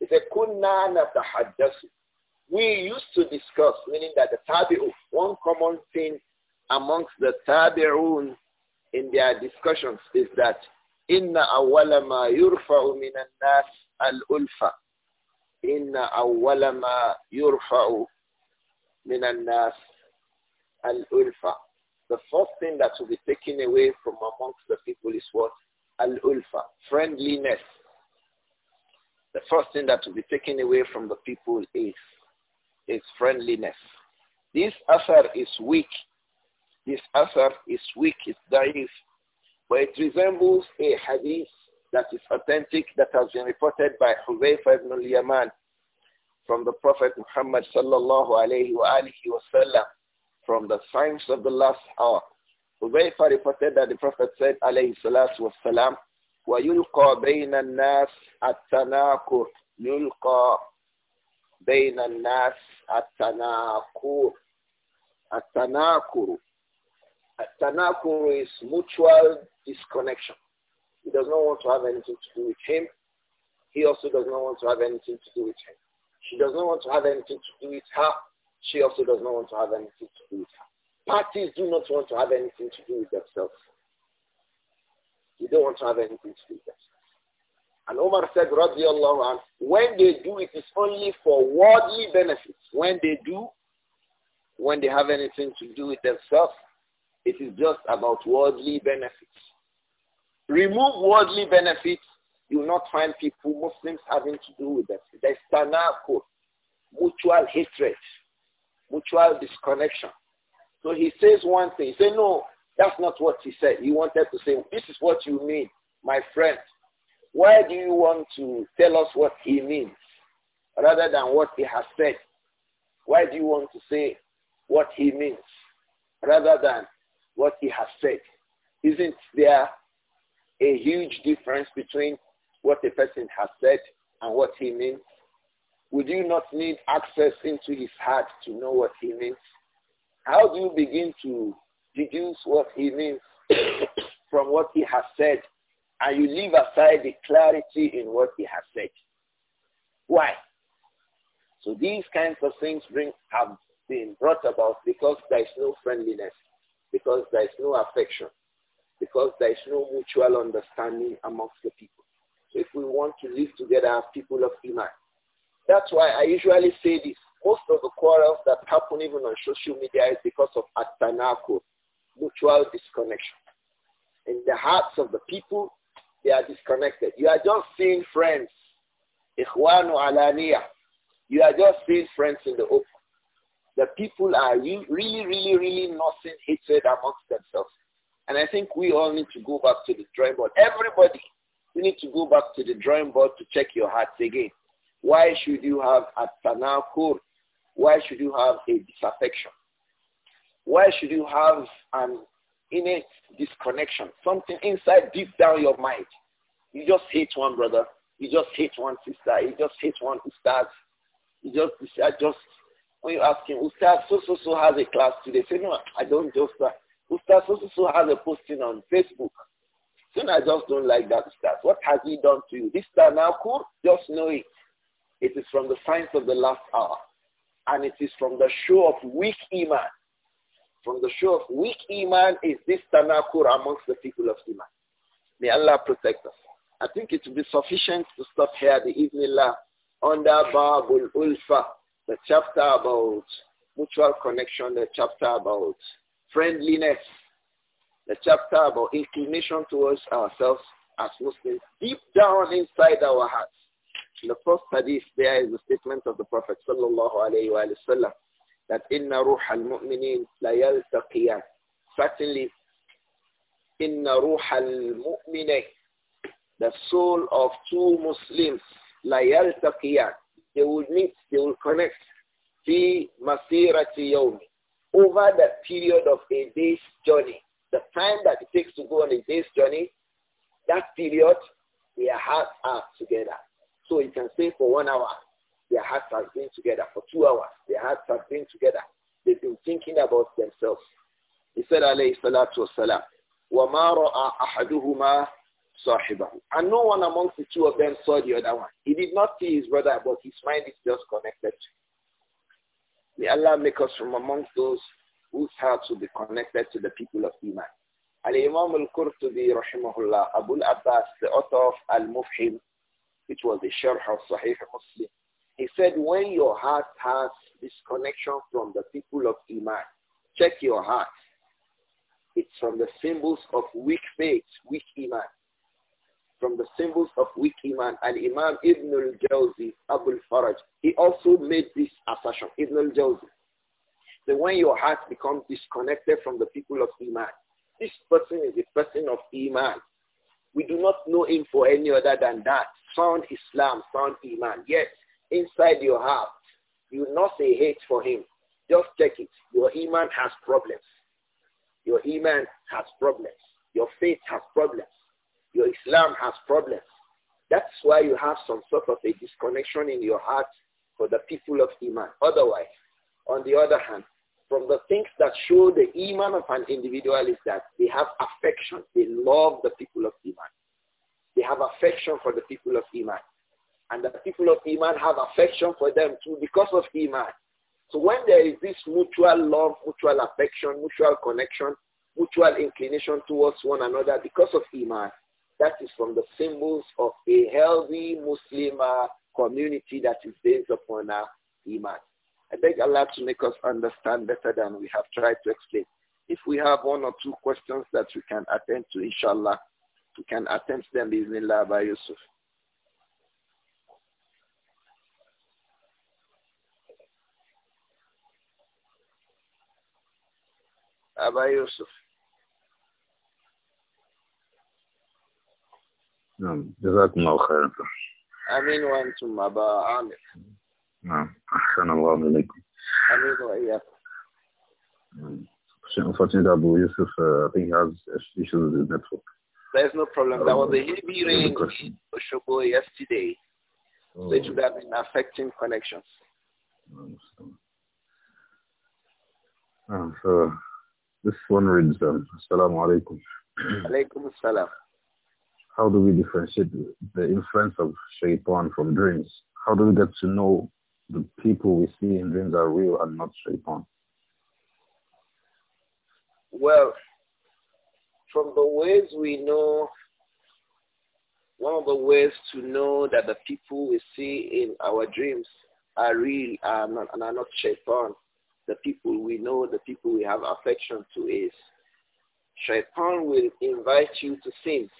He said, Kunna natahaddasu. We used to discuss, meaning that the Tabi'un, one common thing amongst the Tabi'un in their discussions is that إن أول yurfau يرفع من الناس الألفة إن أول ما yurfau min al-nas al-ulfa. The first thing that will be taken away from amongst the people is what? Al-ulfa, friendliness. The first thing that will be taken away from the people is, is friendliness. This asar is weak. This asar is weak, it's daif, but it resembles a hadith that is authentic that has been reported by Huzaifa ibn al-Yaman from the Prophet Muhammad sallallahu alayhi wa alihi wasallam from the signs of the last hour. Hudayfa reported that the Prophet said alayhi salatu wasalam, وَيُلْقَى بَيْنَ النَّاسِ التَّنَاكُرُ يُلْقَى بَيْنَ النَّاسِ التَّنَاكُرُ التَّنَاكُرُ التَّنَاكُرُ is mutual disconnection. He does not want to have anything to do with him. He also does not want to have anything to do with him. She does not want to have anything to do with her. She also does not want to have anything to do with her. Parties do not want to have anything to do with themselves. They don't want to have anything to do with themselves. And Omar said, radiallahu anh, when they do, it is only for worldly benefits. When they do, when they have anything to do with themselves, it is just about worldly benefits. Remove worldly benefits you will not find people, Muslims, having to do with that. There's tanakur, mutual hatred, mutual disconnection. So he says one thing. He said, no, that's not what he said. He wanted to say, this is what you mean, my friend. Why do you want to tell us what he means rather than what he has said? Why do you want to say what he means rather than what he has said? Isn't there a huge difference between what a person has said and what he means? Would you not need access into his heart to know what he means? How do you begin to deduce what he means [coughs] from what he has said and you leave aside the clarity in what he has said? Why? So these kinds of things bring, have been brought about because there is no friendliness, because there is no affection, because there is no mutual understanding amongst the people if we want to live together as people of Iman. That's why I usually say this. Most of the quarrels that happen even on social media is because of atanako, mutual disconnection. In the hearts of the people, they are disconnected. You are just seeing friends. Ikhwanu alaniya. You are just seeing friends in the open. The people are really, really, really nursing hatred amongst themselves. And I think we all need to go back to the drawing board. Everybody, you need to go back to the drawing board to check your hearts again. Why should you have a tanakur? Why should you have a disaffection? Why should you have an innate disconnection? Something inside deep down your mind. You just hate one brother. You just hate one sister. You just hate one ustad. You just, I just, when you ask him, ustad so so so has a class today. Say no, I don't just. Ustad so so so has a posting on Facebook. Soon I just don't like that ustaz. What has he done to you? This tanakur, just know it. It is from the signs of the last hour. And it is from the show of weak iman. From the show of weak iman is this tanakur amongst the people of iman. May Allah protect us. I think it will be sufficient to stop here, the lah under Babul Ulfa, the chapter about mutual connection, the chapter about friendliness, the chapter about inclination towards ourselves as Muslims deep down inside our hearts. In the first hadith there is a statement of the Prophet sallallahu alayhi wa sallam that inna ruha al-mu'minin la yaltaqiyan. Certainly, inna ruha al-mu'minin, the soul of two Muslims, la yaltaqiyan. They will meet, they will connect. Fi masirati yawmi. Over the period of a day's journey the time that it takes to go on a day's journey, that period, their hearts are together. So you can say for one hour, their hearts have been together. For two hours, their hearts have been together. They've been thinking about themselves. He said, alayhi salatu wasalam, وَمَا رَأَى أَحَدُهُمَا صَاحِبَهُ And no one amongst the two of them saw the other one. He did not see his brother, but his mind is just connected. May Allah make us from amongst those whose hearts will be connected to the people of Iman. Al-Imam al-Qurtubi, rahimahullah, Abu al-Abbas, the author of Al-Mufhim, which was the Sharh of Sahih Muslim, he said, when your heart has this connection from the people of Iman, check your heart. It's from the symbols of weak faith, weak Iman. From the symbols of weak Iman. And Imam Ibn al-Jawzi, Abu al-Faraj, he also made this assertion, Ibn al-Jawzi. So when your heart becomes disconnected from the people of Iman, this person is a person of Iman. We do not know him for any other than that. Sound Islam, sound Iman. Yes, inside your heart, you not say hate for him. Just check it. Your Iman has problems. Your Iman has problems. Your faith has problems. Your Islam has problems. That's why you have some sort of a disconnection in your heart for the people of Iman. Otherwise, on the other hand, from the things that show the iman of an individual is that they have affection. They love the people of iman. They have affection for the people of iman. And the people of iman have affection for them too because of iman. So when there is this mutual love, mutual affection, mutual connection, mutual inclination towards one another because of iman, that is from the symbols of a healthy Muslim uh, community that is based upon uh, iman. I beg Allah to make us understand better than we have tried to explain. If we have one or two questions that we can attend to, inshallah, we can attend to them, bismillah, by Yusuf. Abba ah, Yusuf. نعم جزاكم الله خيرا امين وانتم نعم أحسن الله إليكم حبيبي وإياك Unfortunately, Abu Yusuf, uh, I think has issues with the network. There's no problem. That was a um, heavy rain in Oshobo yesterday. Oh. So it would have been affecting connections. Um, so this one reads, um, Assalamu alaikum. [clears throat] Alaikum assalam. How do we differentiate the influence of shaitan from dreams? How do we get to know the people we see in dreams are real and not shaitan? Well, from the ways we know, one of the ways to know that the people we see in our dreams are real and are not shaitan, the people we know, the people we have affection to is shaitan will invite you to sins.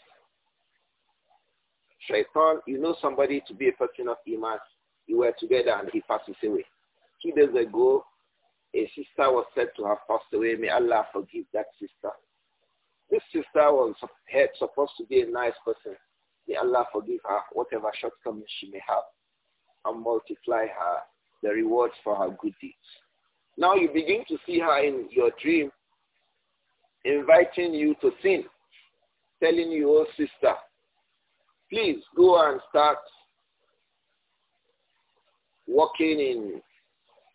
Shaitan, you know somebody to be a person of iman you were together and he passed away. Two days ago, a sister was said to have passed away. May Allah forgive that sister. This sister was had supposed to be a nice person. May Allah forgive her whatever shortcomings she may have and multiply her the rewards for her good deeds. Now you begin to see her in your dream inviting you to sin, telling you, oh sister, please go and start working in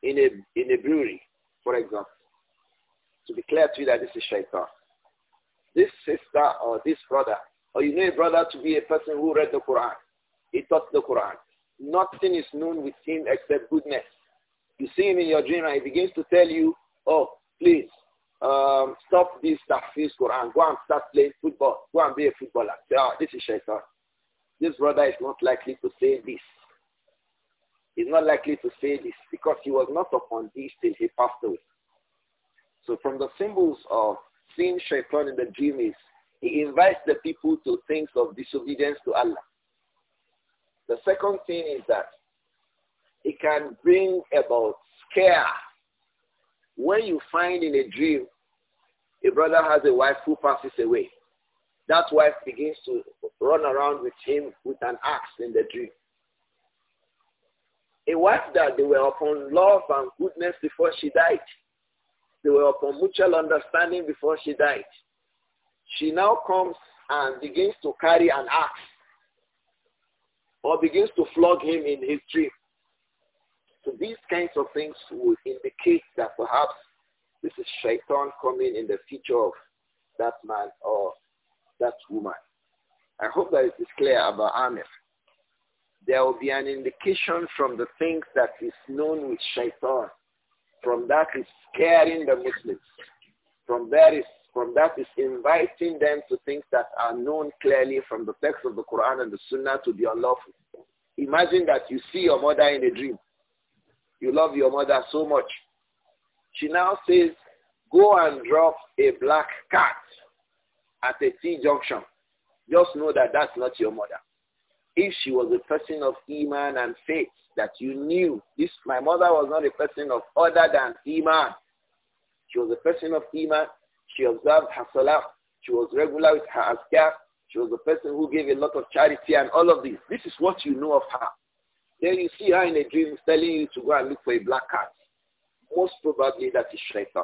in a in a brewery, for example. To be clear to you that this is shaitan. This sister or this brother, or you know a brother to be a person who read the Quran. He taught the Quran. Nothing is known with him except goodness. You see him in your dream and he begins to tell you, oh, please, um, stop this tafis Quran. Go and start playing football. Go and be a footballer. oh, this is shaitan. This brother is not likely to say this is not likely to say this because he was not upon this till he passed away. So from the symbols of seeing shaitan in the dream is he invites the people to think of disobedience to Allah. The second thing is that it can bring about scare. When you find in a dream a brother has a wife who passes away, that wife begins to run around with him with an axe in the dream. A wife that they were upon love and goodness before she died. They were upon mutual understanding before she died. She now comes and begins to carry an axe or begins to flog him in his dream. So these kinds of things would indicate that perhaps this is shaitan coming in the future of that man or that woman. I hope that it is clear about Amir there will be an indication from the things that is known with shaitan. From that is scaring the Muslims. From that is from that is inviting them to things that are known clearly from the text of the Quran and the Sunnah to be unlawful. Imagine that you see your mother in a dream. You love your mother so much. She now says, go and drop a black cat at a T junction. Just know that that's not your mother. If she was a person of Iman and faith that you knew, this my mother was not a person of other than Iman. She was a person of Iman. She observed her salah. She was regular with her askar. She was a person who gave a lot of charity and all of this. This is what you know of her. Then you see her in a dream telling you to go and look for a black cat. Most probably that is shaitan.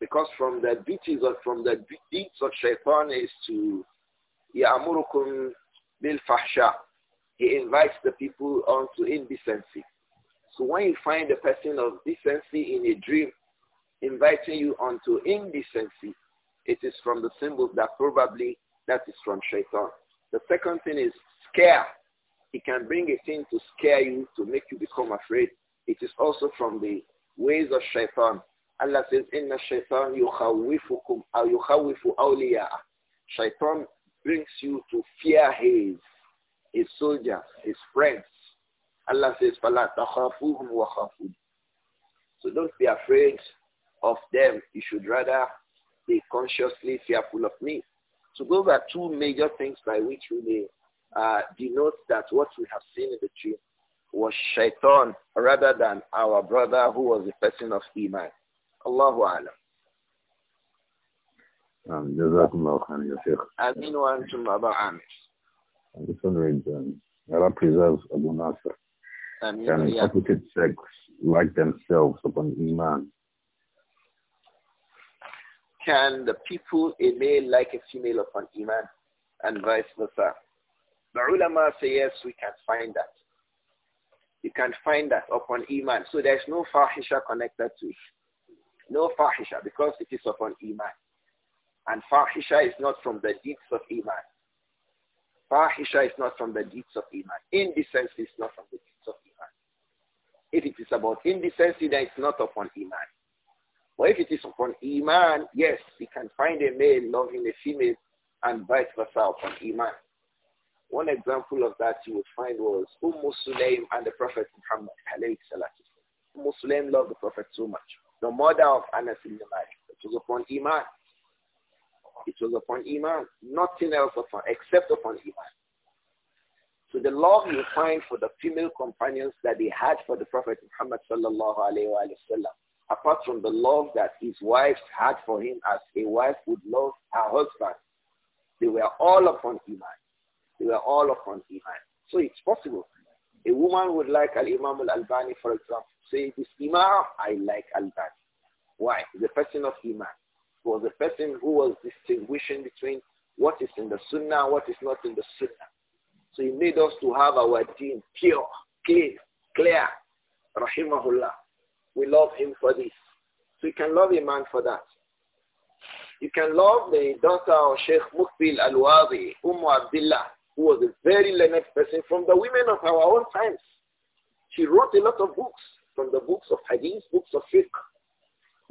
Because from the duties or from the deeds of shaitan is to يَأْمُرُكُمْ بالفحشاء. He invites the people onto indecency. So when you find a person of decency in a dream inviting you onto indecency, it is from the symbols that probably that is from shaitan. The second thing is scare. He can bring a thing to scare you, to make you become afraid. It is also from the ways of shaitan. Allah says, Inna shaitan yukhawifukum aw uh, yukhawifu awliya'a. Shaitan brings you to fear his, his soldiers, his friends. Allah says, فَلَا So don't be afraid of them. You should rather be consciously fearful of me. So those are two major things by which we may uh, denote that what we have seen in the dream was shaitan rather than our brother who was a person of Iman. Allahu Alam. And um, Jazakumullah khan, ya Sheikh. Amin wa antum Aba Amir. this one reads, um, Allah preserves Abu Nasr. Amin. Can yeah. opposite sex like themselves upon Iman? Can the people, a male like a female upon Iman and vice versa? The ulama say yes, we can find that. You can find that upon Iman. So there's no fahisha connected to it. No fahisha because it is upon Iman. And fahisha is not from the deeds of Iman. Fahisha is not from the deeds of Iman. Indecency is not from the deeds of Iman. If it is about indecency, then it's not upon Iman. But if it is upon Iman, yes, we can find a male loving a female and vice versa upon Iman. One example of that you would find was Umm Sulaim and the Prophet Muhammad alayhi Umm Sulaim loved the Prophet so much. The mother of Anas ibn Malik, it was upon Iman. It was upon Iman, nothing else upon, except upon Iman. So the love you find for the female companions that they had for the Prophet Muhammad sallallahu alayhi wa sallam, apart from the love that his wife had for him as a wife would love her husband, they were all upon Iman. They were all upon Iman. So it's possible. A woman would like Al-Imam Al-Albani, for example, say, this Imam, I like Al-Albani. Why? The person of Iman was the person who was distinguishing between what is in the sunnah and what is not in the sunnah. So he made us to have our deen pure, clear, clear. Rahimahullah. We love him for this. So you can love a man for that. You can love the daughter of Sheikh Mukbil Al-Wadi, Umm Abdullah, who was a very learned person from the women of our own times. She wrote a lot of books from the books of hadith, books of fiqh.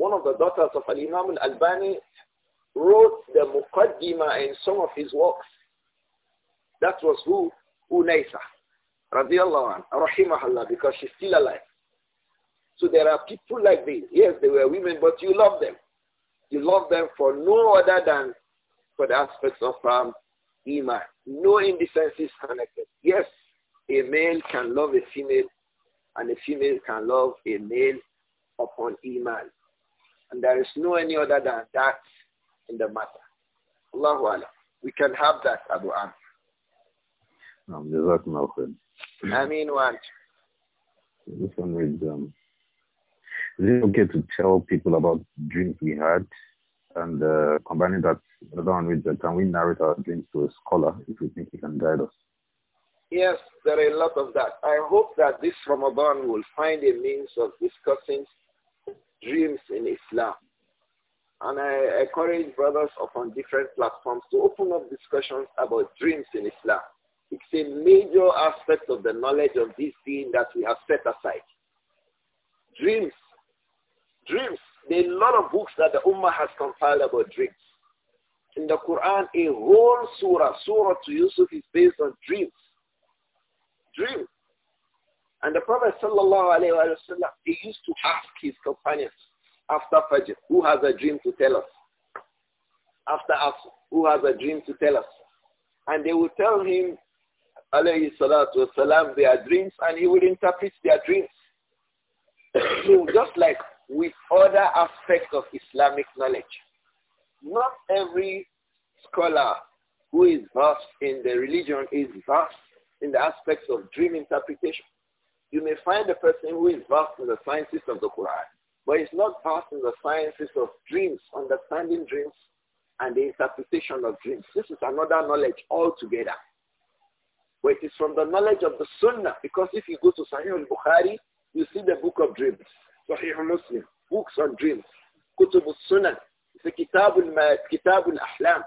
One of the daughters of Al-Imam al-Albani wrote the Mukaddima in some of his works. That was who? Unaysa, radiallahu anha, rahimahullah, because she's still alive. So there are people like this. Yes, they were women, but you love them. You love them for no other than for the aspects of um, iman. No indecencies connected. Yes, a male can love a female, and a female can love a male upon iman. And there is no any other than that in the matter. Allahu Alam. We can have that, Abu Amr. I mean This one reads, um, is it okay to tell people about dreams we had? And uh, combining that, another one reads, uh, can we narrate our dreams to a scholar if we think he can guide us? Yes, there are a lot of that. I hope that this Ramadan will find a means of discussing dreams in Islam. And I encourage brothers upon different platforms to open up discussions about dreams in Islam. It's a major aspect of the knowledge of this thing that we have set aside. Dreams. Dreams. There are a lot of books that the Ummah has compiled about dreams. In the Quran, a whole surah, surah to Yusuf is based on dreams. Dreams. And the Prophet sallallahu he used to ask his companions after Fajr, who has a dream to tell us? After Asr, who has a dream to tell us? And they would tell him, alayhi their dreams, and he would interpret their dreams. [coughs] so just like with other aspects of Islamic knowledge, not every scholar who is vast in the religion is vast in the aspects of dream interpretation. You may find a person who is vast in the sciences of the Quran, but is not vast in the sciences of dreams, understanding dreams, and the interpretation of dreams. This is another knowledge altogether. But it is from the knowledge of the Sunnah, because if you go to Sahih al-Bukhari, you see the book of dreams, Sahih muslim books on dreams, Kutub al-Sunnah, the Kitab al-Ahlam.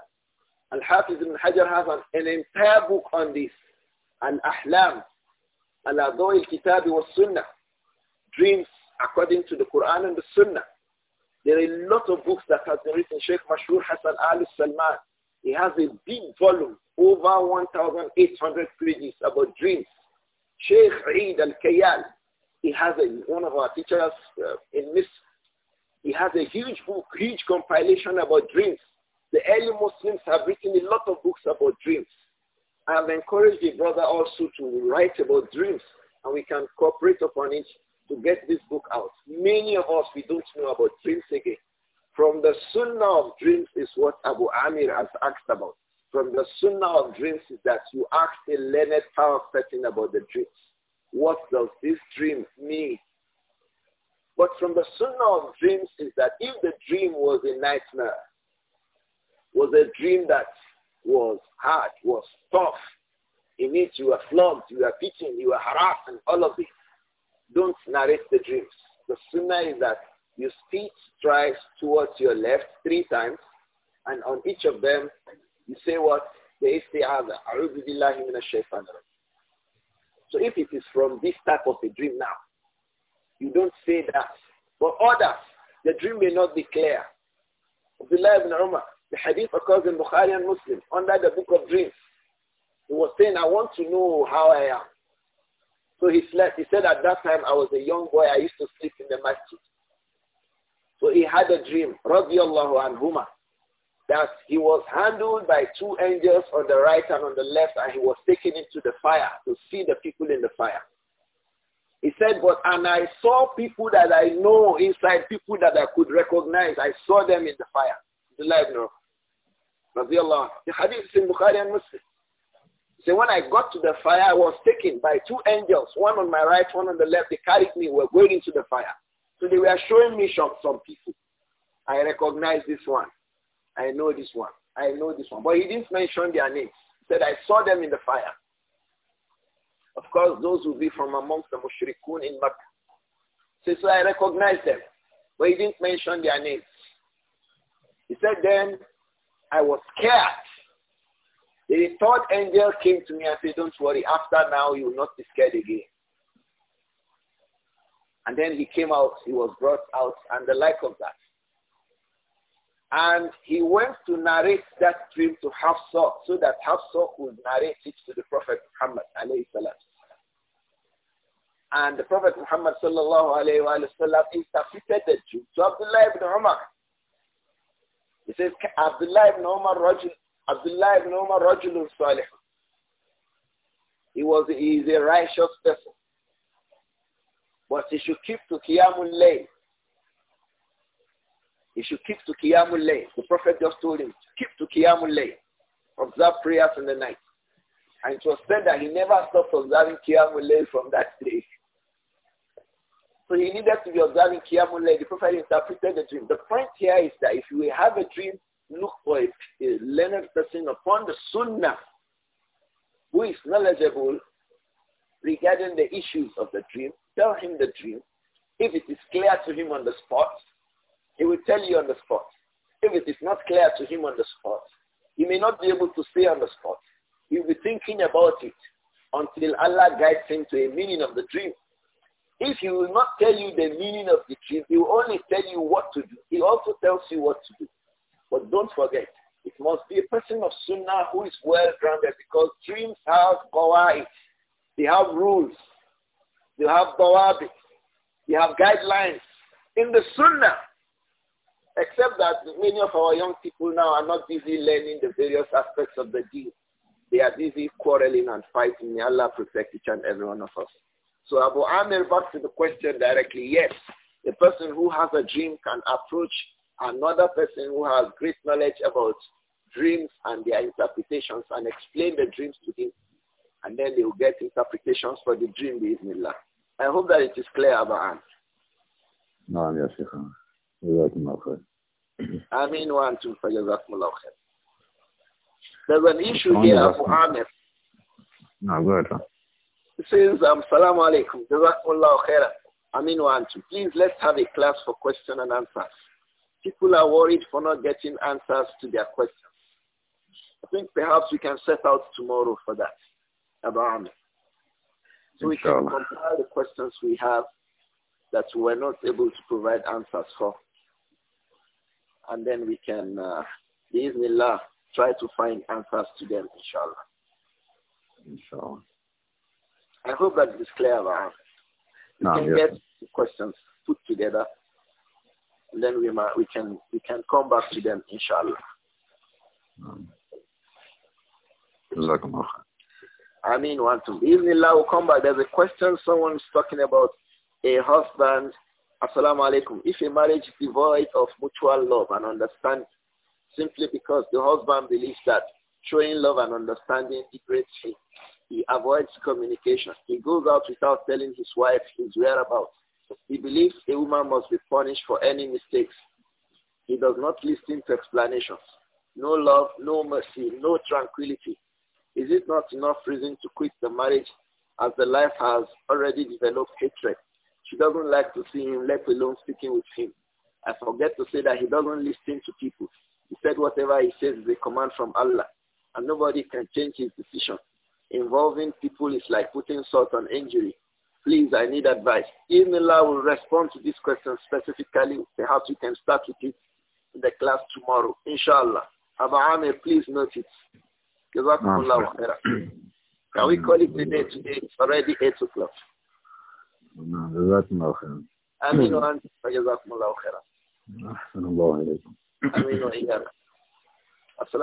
Al-Hafiz ibn Hajar has an, an entire book on this, Al-Ahlam, ala al Kitab wa sunnah. Dreams according to the Quran and the Sunnah. There are a lot of books that has been written. Sheikh Mashur Hassan Al Salman, he has a big volume, over 1,800 pages about dreams. Sheikh Eid Al-Kayal, he has a, one of our teachers uh, in Miss, he has a huge book, huge compilation about dreams. The early Muslims have written a lot of books about dreams. I have encouraged the brother also to write about dreams and we can cooperate upon it to get this book out. Many of us, we don't know about dreams again. From the sunnah of dreams is what Abu Amir has asked about. From the sunnah of dreams is that you ask a learned power person about the dreams. What does this dream mean? But from the sunnah of dreams is that if the dream was a nightmare, was a dream that was hard, was tough. In it you were flogged, you were beaten, you were harassed, and all of this. Don't narrate the dreams. The sunnah is that you speak strikes towards your left three times, and on each of them, you say what? The isti'adha. So if it is from this type of a dream now, you don't say that. For others, the dream may not be clear. Abdullah ibn Umar, the hadith occurs in Bukhari and Muslim under the book of dreams. He was saying, I want to know how I am. So he slept. He said at that time I was a young boy. I used to sleep in the masjid. So he had a dream, radiallahu anhuma, that he was handled by two angels on the right and on the left and he was taken into the fire to see the people in the fire. He said, but and I saw people that I know inside, people that I could recognize. I saw them in the fire. Abdullah ibn Rabiullah. The hadith is Bukhari and Muslim. So when I got to the fire, I was taken by two angels, one on my right, one on the left. They carried me, were going into the fire. So they were showing me some, some people. I recognize this one. I know this one. I know this one. But he didn't mention their names. He said, I saw them in the fire. Of course, those will be from amongst the mushrikun in Makkah. So, so I recognize them. But he didn't mention their names. He said, then I was scared. The third angel came to me and said, don't worry, after now you will not be scared again. And then he came out, he was brought out, and the like of that. And he went to narrate that dream to Hafsa so that Hafsa would narrate it to the Prophet Muhammad And the Prophet Muhammad sallallahu alayhi wa sallam interpreted the dream to Abdullah ibn Umar. He says, Abdullah ibn Umar Rajul, Abdullah ibn Umar Rajul Salih. He was, he is a righteous person. But he should keep to Qiyamul Layl. He should keep to Qiyamul Layl. The Prophet just told him, keep to Qiyamul Layl. Observe prayers in the night. And it was said that he never stopped observing Qiyamul Layl from that day. So he needed to be observing Qiyamullah. The Prophet interpreted the dream. The point here is that if you have a dream, look for a, a learned person upon the Sunnah who is knowledgeable regarding the issues of the dream. Tell him the dream. If it is clear to him on the spot, he will tell you on the spot. If it is not clear to him on the spot, he may not be able to stay on the spot. He will be thinking about it until Allah guides him to a meaning of the dream. If he will not tell you the meaning of the dream, he will only tell you what to do. He also tells you what to do. But don't forget, it must be a person of sunnah who is well-grounded because dreams have qawaid. They have rules. They have dawabit. They have guidelines in the sunnah. Except that many of our young people now are not busy learning the various aspects of the deen. They are busy quarreling and fighting. May Allah protect each and every one of us. So Abu Amir, back to the question directly, yes, a person who has a dream can approach another person who has great knowledge about dreams and their interpretations and explain the dreams to him. And then they will get interpretations for the dream, bismillah. I hope that it is clear, Abu Amir. No, i شيخ جزاكم الله خير آمين وأنتم فجزاكم الله There's an issue here, Abu Amir. No, go ahead says, um, Salaam alaikum, Jazakumullah khairan. Please let's have a class for question and answers. People are worried for not getting answers to their questions. I think perhaps we can set out tomorrow for that, Abraham. So Inshallah. we can compile the questions we have that we were not able to provide answers for. And then we can, uh, bi'ithnillah, try to find answers to them, inshallah. Inshallah. I hope that is clear about You no, can yes. get questions put together and then we, might, we, can, we can come back to them, inshallah. I mean, one, two. Bismillah, we'll come back. There's a question someone is talking about a husband. Assalamu alaikum. If a marriage is devoid of mutual love and understanding, simply because the husband believes that showing love and understanding degrades him, he avoids communication. He goes out without telling his wife his whereabouts. He believes a woman must be punished for any mistakes. He does not listen to explanations. No love, no mercy, no tranquility. Is it not enough reason to quit the marriage as the life has already developed hatred? She doesn't like to see him, let alone speaking with him. I forget to say that he doesn't listen to people. He said whatever he says is a command from Allah, and nobody can change his decision. Involving people is like putting salt on injury. Please, I need advice. Imila will respond to this question specifically. Perhaps you can start with it in the class tomorrow. Inshallah. Abu Amir, please note it. Can we call it the day today? It's already 8 o'clock. آمين وأنتم فجزاكم الله خيرا. أحسن